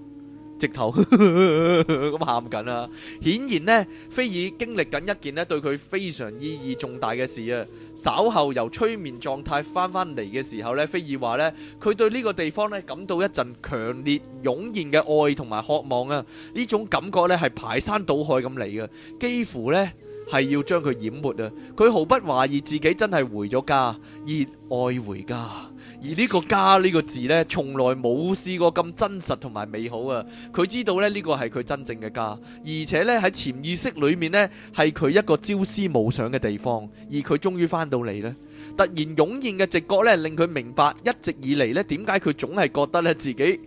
直頭咁喊緊啊！顯然呢，菲爾經歷緊一件呢對佢非常意義重大嘅事啊！稍後由催眠狀態翻翻嚟嘅時候呢，菲爾話呢，佢對呢個地方呢感到一陣強烈湧現嘅愛同埋渴望啊！呢種感覺呢係排山倒海咁嚟嘅，幾乎呢。係要將佢淹沒啊！佢毫不懷疑自己真係回咗家，熱愛回家。而呢個家呢個字呢，從來冇試過咁真實同埋美好啊！佢知道呢，呢個係佢真正嘅家，而且呢，喺潛意識裏面呢，係佢一個朝思暮想嘅地方。而佢終於翻到嚟呢，突然湧現嘅直覺呢，令佢明白一直以嚟呢，點解佢總係覺得咧自己。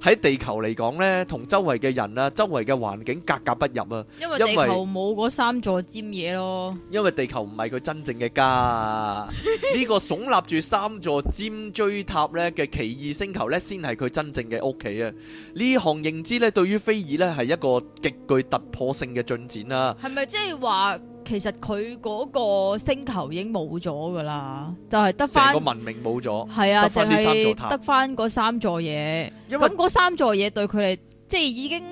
喺地球嚟講呢，同周圍嘅人啊，周圍嘅環境格格不入啊，因為地球冇嗰三座尖嘢咯。因為地球唔係佢真正嘅家，呢 個聳立住三座尖錐塔咧嘅奇異星球呢，先係佢真正嘅屋企啊！呢項認知呢，對於菲爾呢，係一個極具突破性嘅進展啦。係咪即係話？其實佢嗰個星球已經冇咗噶啦，就係得翻個文明冇咗，係啊，就係得翻嗰三座嘢。咁嗰三座嘢對佢哋，即係已經，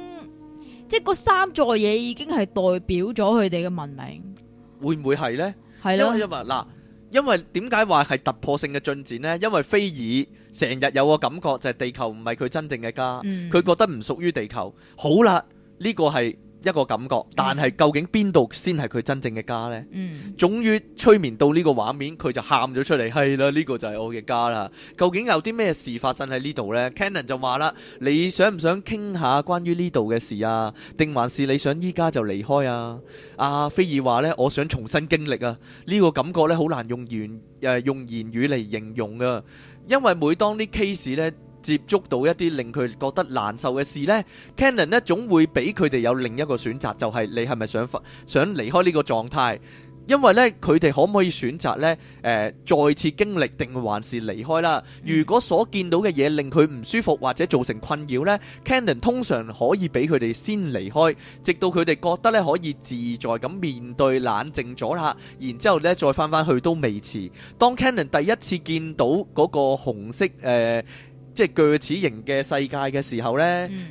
即係嗰三座嘢已經係代表咗佢哋嘅文明。會唔會係咧？係咯，因為嗱，因為點解話係突破性嘅進展咧？因為菲爾成日有個感覺就係地球唔係佢真正嘅家，佢覺得唔屬於地球。好啦，呢個係。一個感覺，但係究竟邊度先係佢真正嘅家呢？嗯，終於催眠到呢個畫面，佢就喊咗出嚟：係啦，呢、這個就係我嘅家啦！究竟有啲咩事發生喺呢度呢？c a n n o n 就話啦：你想唔想傾下關於呢度嘅事啊？定還是你想依家就離開啊？阿、啊、菲爾話呢：「我想重新經歷啊！呢、這個感覺呢，好難用言、呃、用言語嚟形容噶，因為每當啲 case 呢，接觸到一啲令佢覺得難受嘅事呢 Cannon 呢總會俾佢哋有另一個選擇，就係、是、你係咪想想離開呢個狀態？因為呢，佢哋可唔可以選擇呢？呃、再次經歷定還是離開啦？如果所見到嘅嘢令佢唔舒服或者造成困擾呢 Cannon 通常可以俾佢哋先離開，直到佢哋覺得咧可以自在咁面對冷靜咗下，然之後咧再翻翻去都未遲。當 Cannon 第一次見到嗰個紅色誒。呃即係鋸齒形嘅世界嘅時候呢，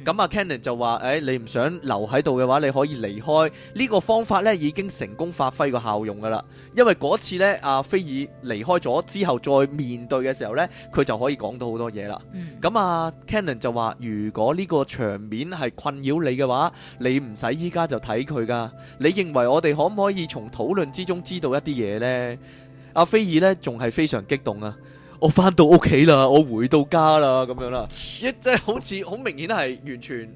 咁、mm. 啊，Cannon 就話：誒、哎，你唔想留喺度嘅話，你可以離開。呢、這個方法呢已經成功發揮個效用㗎喇。因為嗰次呢，阿、啊、菲爾離開咗之後，再面對嘅時候呢，佢就可以講到好多嘢啦。咁、mm. 啊，Cannon 就話：如果呢個場面係困擾你嘅話，你唔使依家就睇佢㗎。你認為我哋可唔可以從討論之中知道一啲嘢呢？阿、啊、菲爾呢仲係非常激動啊！我翻到屋企啦，我回到家啦，咁樣啦，即係 好似好明顯係完全，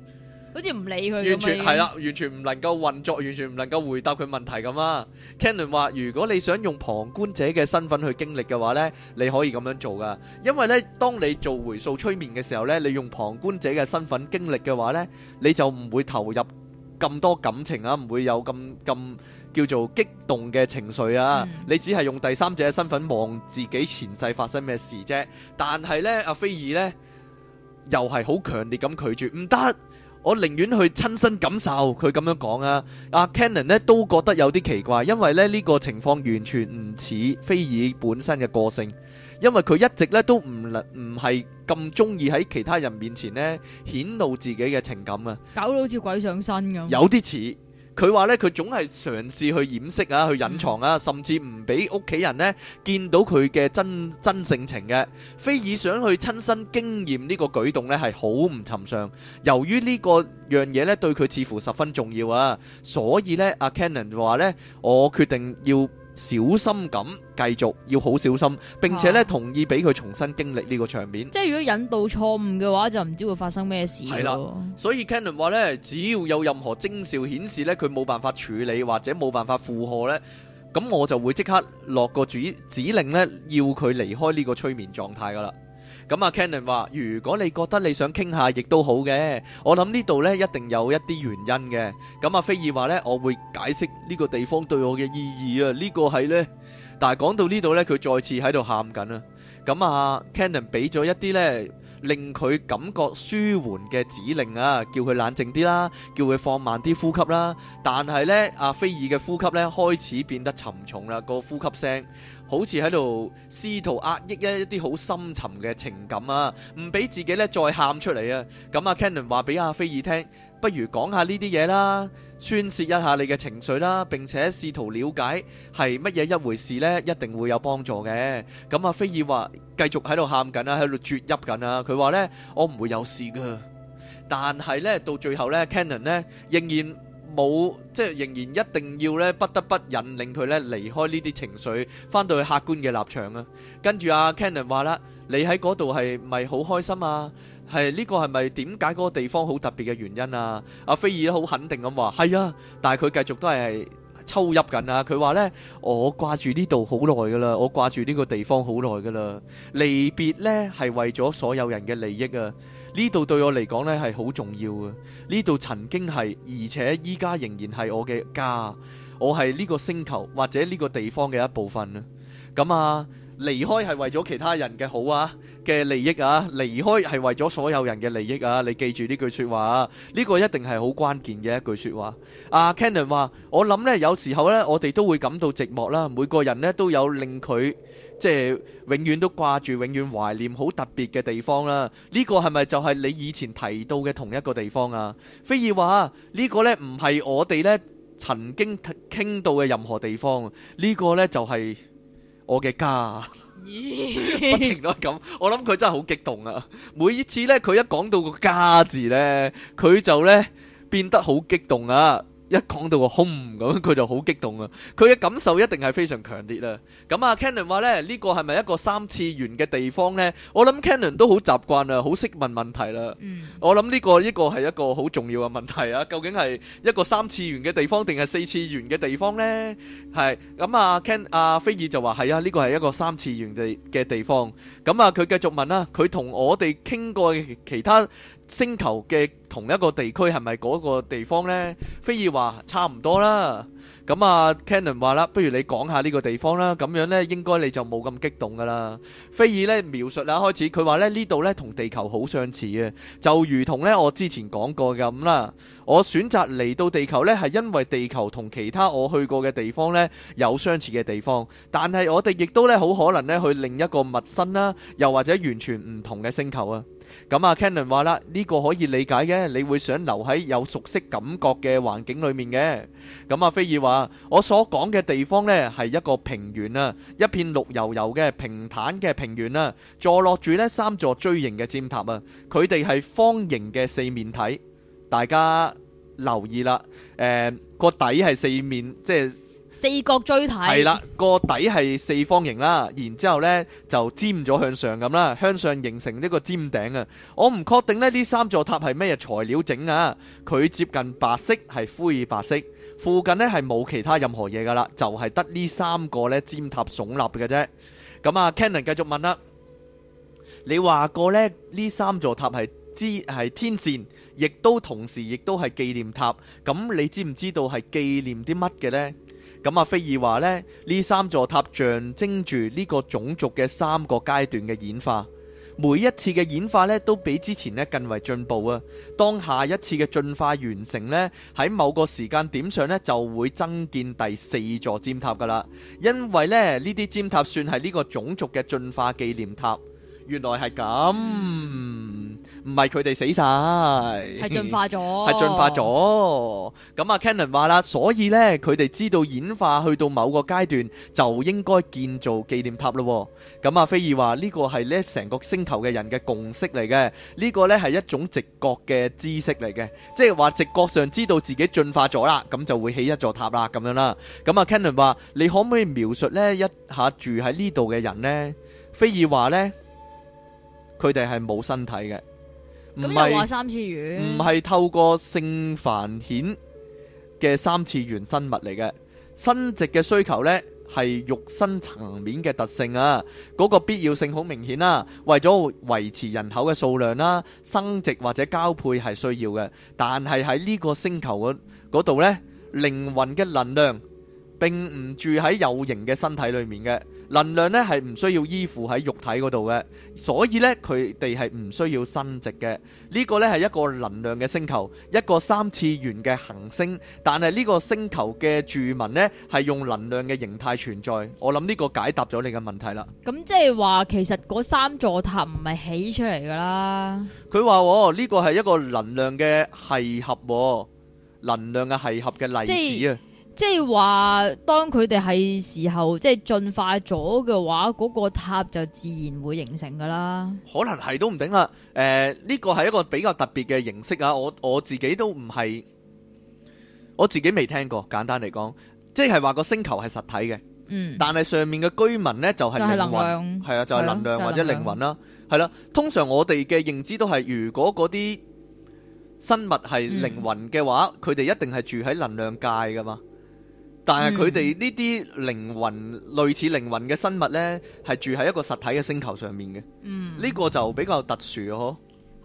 好似唔理佢，完全係啦，完全唔能夠運作，完全唔能夠回答佢問題咁啊。Cannon 話：如果你想用旁觀者嘅身份去經歷嘅話呢，你可以咁樣做噶，因為呢，當你做回溯催眠嘅時候呢，你用旁觀者嘅身份經歷嘅話呢，你就唔會投入咁多感情啊，唔會有咁咁。叫做激動嘅情緒啊！嗯、你只係用第三者嘅身份望自己前世發生咩事啫。但係呢，阿菲爾呢又係好強烈咁拒絕，唔得，我寧願去親身感受。佢咁樣講啊，阿、啊、Cannon 呢都覺得有啲奇怪，因為咧呢、這個情況完全唔似菲爾本身嘅個性，因為佢一直咧都唔能唔係咁中意喺其他人面前呢顯露自己嘅情感啊！搞到好似鬼上身咁，有啲似。佢話咧，佢總係嘗試去掩飾啊，去隱藏啊，甚至唔俾屋企人呢見到佢嘅真真性情嘅。菲爾想去親身經驗呢個舉動呢係好唔尋常。由於呢個樣嘢呢對佢似乎十分重要啊，所以呢，阿 Kenan 話呢，我決定要。小心咁，繼續要好小心。並且咧，同意俾佢重新經歷呢個場面。啊、即係如果引導錯誤嘅話，就唔知會發生咩事啦。所以 Cannon 話咧，只要有任何徵兆顯示咧，佢冇辦法處理或者冇辦法負荷咧，咁我就會即刻落個主指令咧，要佢離開呢個催眠狀態噶啦。咁啊 Cannon 話：如果你覺得你想傾下，亦都好嘅。我諗呢度呢一定有一啲原因嘅。咁啊，菲爾話呢我會解釋呢個地方對我嘅意義啊。呢、呢個係呢，但係講到呢度呢佢再次喺度喊緊啊。咁啊 Cannon 俾咗一啲呢令佢感覺舒緩嘅指令啊，叫佢冷靜啲啦，叫佢放慢啲呼吸啦。但係呢，阿菲爾嘅呼吸呢，開始變得沉重啦，個呼吸聲。好似喺度試圖壓抑一一啲好深沉嘅情感啊，唔俾自己咧再喊出嚟啊！咁阿 Cannon 話俾阿菲爾聽，不如講下呢啲嘢啦，宣泄一下你嘅情緒啦，並且試圖了解係乜嘢一回事咧，一定會有幫助嘅。咁阿菲爾話繼續喺度喊緊啊，喺度啜泣緊啊。佢話咧，我唔會有事噶，但係咧到最後咧，Cannon 咧仍然。冇，即係仍然一定要咧，不得不引領佢咧離開呢啲情緒，翻到去客觀嘅立場啊。跟住阿 Cannon 話啦：，你喺嗰度係咪好開心啊？係呢、個係咪點解嗰個地方好特別嘅原因啊？阿菲爾好肯定咁話：，係啊。但係佢繼續都係抽泣緊啊。佢話咧：，我掛住呢度好耐㗎啦，我掛住呢個地方好耐㗎啦。離別咧係為咗所有人嘅利益啊。呢度對我嚟講呢係好重要嘅，呢度曾經係，而且依家仍然係我嘅家，我係呢個星球或者呢個地方嘅一部分啊。咁啊，離開係為咗其他人嘅好啊嘅利益啊，離開係為咗所有人嘅利益啊。你記住呢句說話啊，呢個一定係好關鍵嘅一句說話。啊，Cannon 話，我諗呢，有時候呢，我哋都會感到寂寞啦。每個人呢，都有令佢。即係永遠都掛住，永遠懷念好特別嘅地方啦。呢個係咪就係你以前提到嘅同一個地方啊？非兒話呢個呢唔係我哋咧曾經傾到嘅任何地方，呢個呢就係我嘅家。 不停都係咁，我諗佢真係好激動啊！每一次呢，佢一講到個家字呢，佢就呢變得好激動啊！一講到個 home 咁，佢就好激動啊！佢嘅感受一定係非常強烈啦。咁啊，Canon 話咧，呢個係咪一個三次元嘅地方咧？我諗 Canon 都好習慣啦，好識問問題啦。我諗呢個呢個係一個好重要嘅問題啊！究竟係一個三次元嘅地方定係四次元嘅地方咧？係。咁啊，Ken 阿菲爾就話係啊，呢個係一個三次元嘅嘅地方。咁啊，佢繼續問啦，佢同我哋傾過嘅其他。星球嘅同一個地區係咪嗰個地方呢？菲爾話差唔多啦。咁啊，Cannon 話啦，不如你講下呢個地方啦，咁樣呢，應該你就冇咁激動噶啦。菲爾呢描述啦開始，佢話呢，呢度呢同地球好相似嘅，就如同呢我之前講過咁啦。我選擇嚟到地球呢，係因為地球同其他我去過嘅地方呢有相似嘅地方，但係我哋亦都呢，好可能呢去另一個陌生啦，又或者完全唔同嘅星球啊。咁啊，Cannon 話啦，呢、嗯呢個可以理解嘅，你會想留喺有熟悉感覺嘅環境裏面嘅。咁、嗯、啊，菲爾話，我所講嘅地方呢係一個平原啊，一片綠油油嘅平坦嘅平原啦、啊，坐落住呢三座錐形嘅尖塔啊，佢哋係方形嘅四面體，大家留意啦，誒、呃、個底係四面，即係。四角錐體係啦，個底係四方形啦，然之後呢就尖咗向上咁啦，向上形成呢個尖頂啊。我唔確定呢三座塔係咩材料整啊。佢接近白色，係灰白色。附近呢係冇其他任何嘢噶啦，就係得呢三個呢尖塔聳立嘅啫。咁啊，Cannon 繼續問啦，你話過呢，呢三座塔係係天線，亦都同時亦都係紀念塔。咁你知唔知道係紀念啲乜嘅呢？」咁阿菲爾話呢，呢三座塔象徵住呢個種族嘅三個階段嘅演化，每一次嘅演化呢，都比之前呢更為進步啊！當下一次嘅進化完成呢，喺某個時間點上呢，就會增建第四座尖塔噶啦，因為呢，呢啲尖塔算係呢個種族嘅進化紀念塔。原來係咁。唔係佢哋死晒，係進化咗，係進 化咗。咁啊，Cannon 話啦，所以呢，佢哋知道演化去到某個階段就應該建造紀念塔咯。咁、嗯、啊，菲爾話呢個係呢成個星球嘅人嘅共識嚟嘅，呢、這個呢係一種直覺嘅知識嚟嘅，即係話直覺上知道自己進化咗啦，咁就會起一座塔啦，咁樣啦。咁啊，Cannon 話你可唔可以描述呢一下住喺呢度嘅人咧？菲爾話呢，佢哋係冇身體嘅。又話三次元？唔係透過性繁衍嘅三次元生物嚟嘅，生殖嘅需求呢係肉身層面嘅特性啊，嗰、那個必要性好明顯啦、啊，為咗維持人口嘅數量啦、啊，生殖或者交配係需要嘅，但係喺呢個星球嗰度呢，靈魂嘅能量。並唔住喺有形嘅身體裏面嘅能量呢係唔需要依附喺肉體嗰度嘅，所以呢，佢哋係唔需要生殖嘅。呢個呢係一個能量嘅星球，一個三次元嘅行星，但係呢個星球嘅住民呢係用能量嘅形態存在。我諗呢個解答咗你嘅問題啦。咁即係話，其實嗰三座塔唔係起出嚟噶啦。佢話喎，呢個係一個能量嘅系合、哦，能量嘅系合嘅例子啊。即係話，當佢哋係時候，即係進化咗嘅話，嗰、那個塔就自然會形成噶啦。可能係都唔定啦。誒、呃，呢個係一個比較特別嘅形式啊。我我自己都唔係，我自己未聽過。簡單嚟講，即係話個星球係實體嘅，嗯，但係上面嘅居民呢，就係、是、能量，係啊，就係、是、能量或者靈魂啦、啊，係啦、啊。通常我哋嘅認知都係，如果嗰啲生物係靈魂嘅話，佢哋、嗯、一定係住喺能量界噶嘛。但係佢哋呢啲靈魂、嗯、類似靈魂嘅生物呢，係住喺一個實體嘅星球上面嘅，嗯、呢個就比較特殊囉。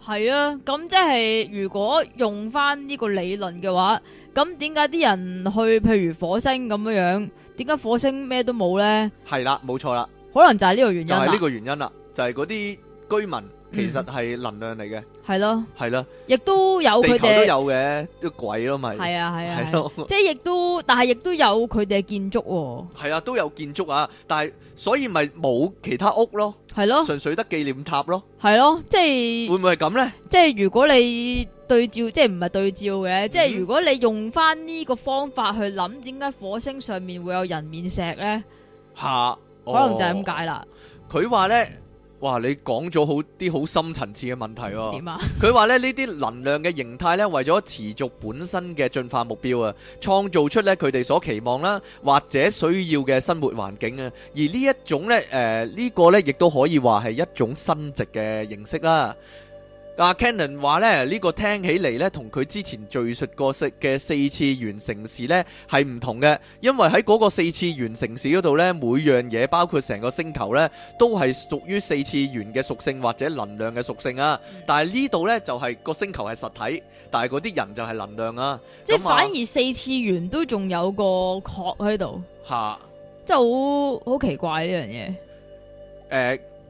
係啦、啊，咁即係如果用翻呢個理論嘅話，咁點解啲人去譬如火星咁樣樣？點解火星咩都冇呢？係啦，冇錯啦，可能就係呢個原因啦。就係呢個原因啦，就係嗰啲居民。其實係能量嚟嘅，係咯，係咯，亦都有佢哋地球都有嘅，都鬼咯咪，係啊係啊，係咯，即係亦都，但係亦都有佢哋嘅建築，係啊，都有建築啊，但係所以咪冇其他屋咯，係咯，純粹得紀念塔咯，係咯，即係會唔會係咁咧？即係如果你對照，即係唔係對照嘅，即係如果你用翻呢個方法去諗，點解火星上面會有人面石咧？吓，可能就係咁解啦。佢話咧。哇！你講咗好啲好深層次嘅問題喎、哦。點樣啊？佢話咧，呢啲能量嘅形態咧，為咗持續本身嘅進化目標啊，創造出咧佢哋所期望啦或者需要嘅生活環境啊。而呢一種咧，呃這個、呢個咧，亦都可以話係一種生殖嘅形式啦。啊，Cannon 話咧，呢，這個聽起嚟咧，同佢之前敘述過式嘅四次元城市咧係唔同嘅，因為喺嗰個四次元城市嗰度咧，每樣嘢包括成個星球咧，都係屬於四次元嘅屬性或者能量嘅屬性啊。但係呢度咧就係、是、個星球係實體，但係嗰啲人就係能量啊。即係是、嗯、反而四次元都仲有個殼喺度，吓，啊，即係好好奇怪呢樣嘢。誒。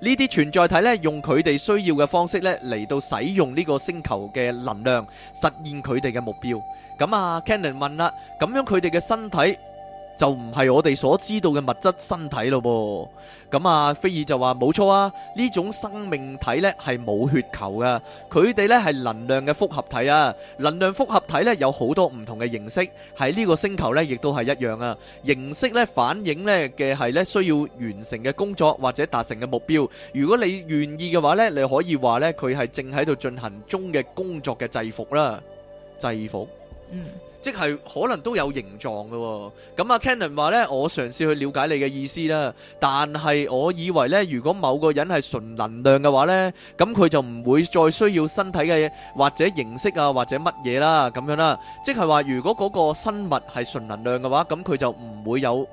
呢啲存在體咧，用佢哋需要嘅方式咧，嚟到使用呢個星球嘅能量，實現佢哋嘅目標。咁啊，Cannon 問啦，咁樣佢哋嘅身體，就唔係我哋所知道嘅物質身體咯噃，咁啊，菲爾就話冇錯啊，呢種生命體呢係冇血球噶，佢哋呢係能量嘅複合體啊，能量複合體呢有好多唔同嘅形式，喺呢個星球呢亦都係一樣啊，形式呢反映呢嘅係呢需要完成嘅工作或者達成嘅目標，如果你願意嘅話呢，你可以話呢佢係正喺度進行中嘅工作嘅制服啦，制服，嗯。即係可能都有形狀嘅，咁啊，Cannon 話呢，我嘗試去了解你嘅意思啦。但係我以為呢，如果某個人係純能量嘅話呢，咁佢就唔會再需要身體嘅嘢，或者形式啊，或者乜嘢啦，咁樣啦。即係話，如果嗰個生物係純能量嘅話，咁佢就唔會有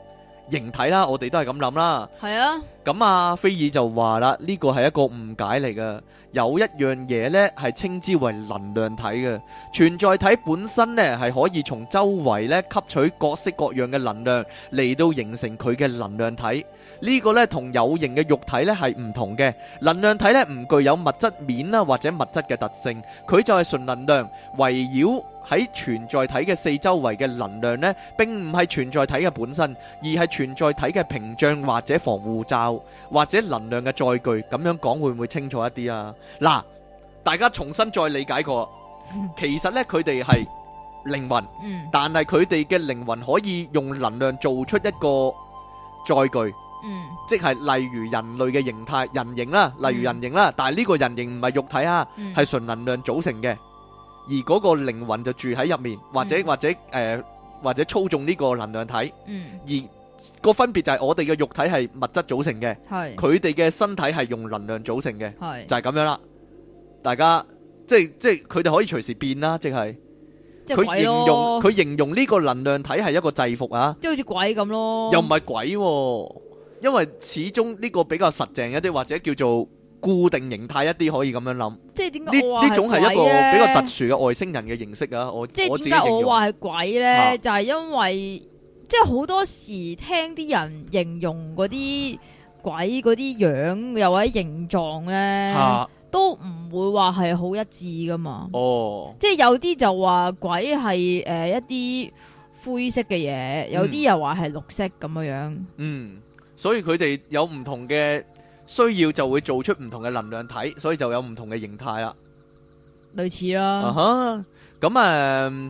形體啦。我哋都係咁諗啦。係啊。咁啊，菲爾就話啦，呢個係一個誤解嚟嘅。有一樣嘢咧，係稱之為能量體嘅存在體本身咧，係可以從周圍咧吸取各式各樣嘅能量嚟到形成佢嘅能量體。呢個咧同有形嘅肉體咧係唔同嘅。能量體咧唔具有物質面啊或者物質嘅特性，佢就係純能量。圍繞喺存在體嘅四周圍嘅能量咧並唔係存在體嘅本身，而係存在體嘅屏障或者防護罩。或者能量嘅載具，咁樣講會唔會清楚一啲啊？嗱，大家重新再理解過。其實呢佢哋係靈魂，但係佢哋嘅靈魂可以用能量做出一個載具，即係例如人類嘅形態人形啦，例如人形啦，但係呢個人形唔係肉體啊，係純能量組成嘅，而嗰個靈魂就住喺入面，或者或者誒或者操縱呢個能量體，而。個分別就係我哋嘅肉體係物質組成嘅，係佢哋嘅身體係用能量組成嘅，係是就係咁樣啦。大家即係即係佢哋可以隨時變啦，即係佢形容佢形容呢個能量體係一個制服啊，即係好似鬼咁咯，又唔係鬼，啊，因為始終呢個比較實淨一啲，或者叫做固定形態一啲，可以咁樣諗。呢種係一個比較特殊嘅外星人嘅形式啊。即係點解我話係鬼咧？就係因為。即係好多時聽啲人形容嗰啲鬼，嗰啲樣又或者形狀咧，都唔會話係好一致噶嘛。哦即，即係有啲就話鬼係誒一啲灰色嘅嘢，有啲又話係綠色咁樣樣。嗯，嗯，所以佢哋有唔同嘅需要就會做出唔同嘅能量體，所以就有唔同嘅形態啦，類似咯、uh。咁、huh, 啊。Um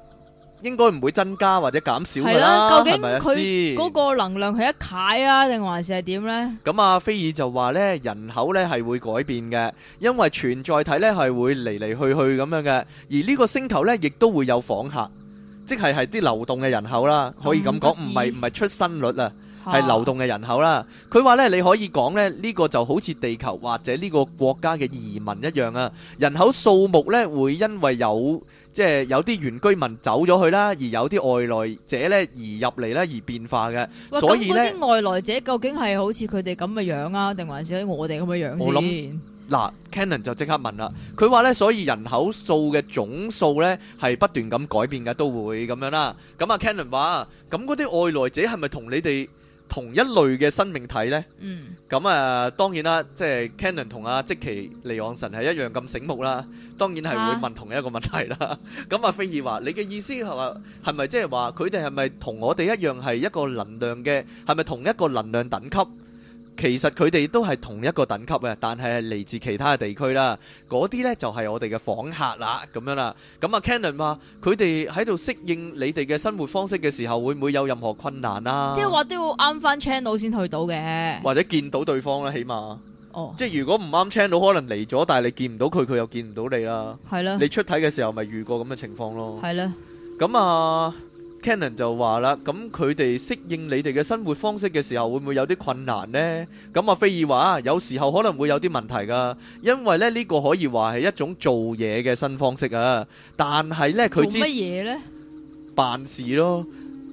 應該唔會增加或者減少噶啦，係咪啊？究竟佢嗰個能量係一解啊，定還是係點咧？咁阿菲爾就話咧，人口咧係會改變嘅，因為存在體咧係會嚟嚟去去咁樣嘅，而呢個星球咧亦都會有訪客，即係係啲流動嘅人口啦，可以咁講，唔係唔係出生率啊。係流動嘅人口啦，佢話咧你可以講咧呢個就好似地球或者呢個國家嘅移民一樣啊，人口數目咧會因為有即係有啲原居民走咗去啦，而有啲外來者咧移入嚟咧而變化嘅，所以啲外來者究竟係好似佢哋咁嘅樣啊，定還是我哋咁嘅樣？我諗，嗱，Cannon 就即刻問啦，佢話咧所以人口數嘅總數咧係不斷咁改變嘅，都會咁樣啦。咁啊，Cannon 話咁嗰啲外來者係咪同你哋？同一類嘅生命體呢，咁、嗯、啊當然啦、就是啊，即係 Canon 同阿即奇尼昂神係一樣咁醒目啦，當然係會問同一個問題啦。咁、啊、 阿菲爾話：你嘅意思係話係咪即係話佢哋係咪同我哋一樣係一個能量嘅，係咪同一個能量等級？其實佢哋都係同一個等級嘅，但係係嚟自其他嘅地區啦。嗰啲呢就係我哋嘅訪客啦，咁樣啦。咁啊，Cannon 話：佢哋喺度適應你哋嘅生活方式嘅時候，會唔會有任何困難啊？即係話都要啱返 channel 先去到嘅。或者見到對方啦，起碼哦，即係如果唔啱 channel，可能嚟咗，但係你見唔到佢，佢又見唔到你啦。係啦，你出體嘅時候咪遇過咁嘅情況咯。係啦，咁啊。Cannon 就話啦，咁佢哋適應你哋嘅生活方式嘅時候，會唔會有啲困難呢？咁，阿菲爾話啊，有時候可能會有啲問題噶，因為咧呢個可以話係一種做嘢嘅新方式啊。但係咧，佢做乜嘢咧？辦事咯。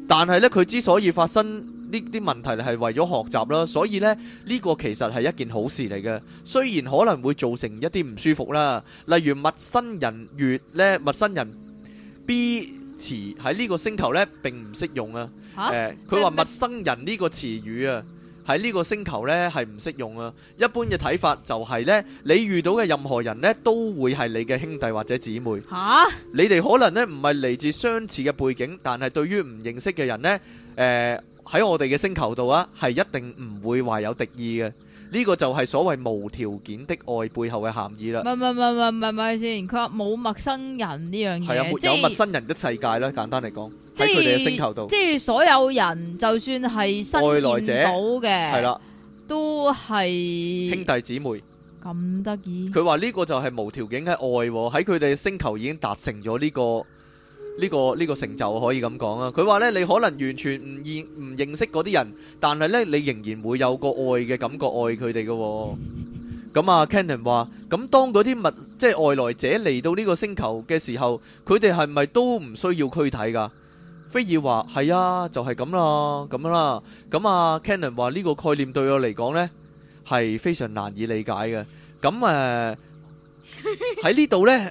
但係咧，佢之所以發生呢啲問題，係為咗學習啦。所以咧，呢個其實係一件好事嚟嘅。雖然可能會造成一啲唔舒服啦，例如陌生人月咧，陌生人 B 詞喺呢個星球呢並唔適用啊，佢話，啊、陌生人呢個詞語啊喺呢個星球呢係唔適用啊。一般嘅睇法就係呢：你遇到嘅任何人呢，都會係你嘅兄弟或者姊妹。吓、啊，你哋可能呢唔係嚟自相似嘅背景，但係對於唔認識嘅人呢，誒、啊、喺我哋嘅星球度啊，係一定唔會話有敵意嘅。呢個就係所謂無條件的愛背後嘅含義啦。唔係，唔係，唔係，唔係，唔係，先佢話冇陌生人呢樣嘢，係啊，有陌生人的世界啦。簡單嚟講，喺佢哋嘅星球度，即係所有人，就算係新見到嘅，係啦，都係兄弟姊妹咁得意。佢話呢個就係無條件嘅愛喺佢哋嘅星球已經達成咗呢個。呢個呢個成就可以咁講啊！佢話呢，你可能完全唔認唔認識嗰啲人，但係呢，你仍然會有個愛嘅感覺，愛佢哋嘅。咁啊，Cannon 話，咁當嗰啲物即係外來者嚟到呢個星球嘅時候，佢哋係咪都唔需要軀體噶？菲爾話，係啊，就係咁啦，咁樣啦。咁啊，Cannon 話呢個概念對我嚟講呢，係非常難以理解嘅。咁誒喺呢度呢。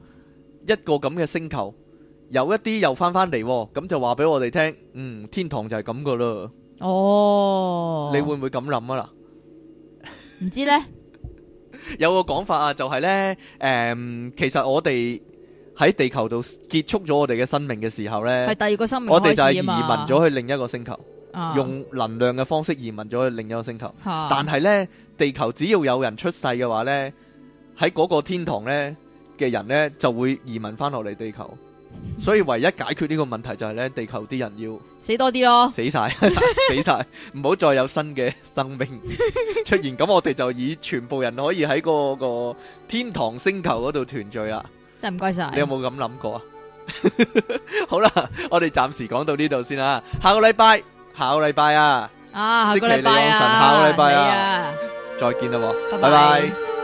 一個咁嘅星球，有一啲又返返嚟，咁就話俾我哋聽，嗯，天堂就係咁噶啦。哦，你會唔會咁諗啊？啦，唔知咧。有個講法啊，就係咧，誒，其實我哋喺地球度結束咗我哋嘅生命嘅時候咧，係第二個生命我哋就係移民咗去另一個星球，用能量嘅方式移民咗去另一個星球。但係咧，地球只要有人出世嘅話咧，喺嗰個天堂咧。嘅人呢就會移民翻落嚟地球，所以唯一解決呢個問題就係呢，地球啲人要死多啲咯，死曬，死曬，唔好再有新嘅生命出現。咁我哋就以全部人可以喺個個天堂星球嗰度團聚啦。真係唔該曬，你有冇咁諗過啊？好啦，我哋暫時講到呢度先啦。下個禮拜，下個禮拜啊，啊，下個禮拜啊，下個禮拜啊，再見啦，喎，拜拜。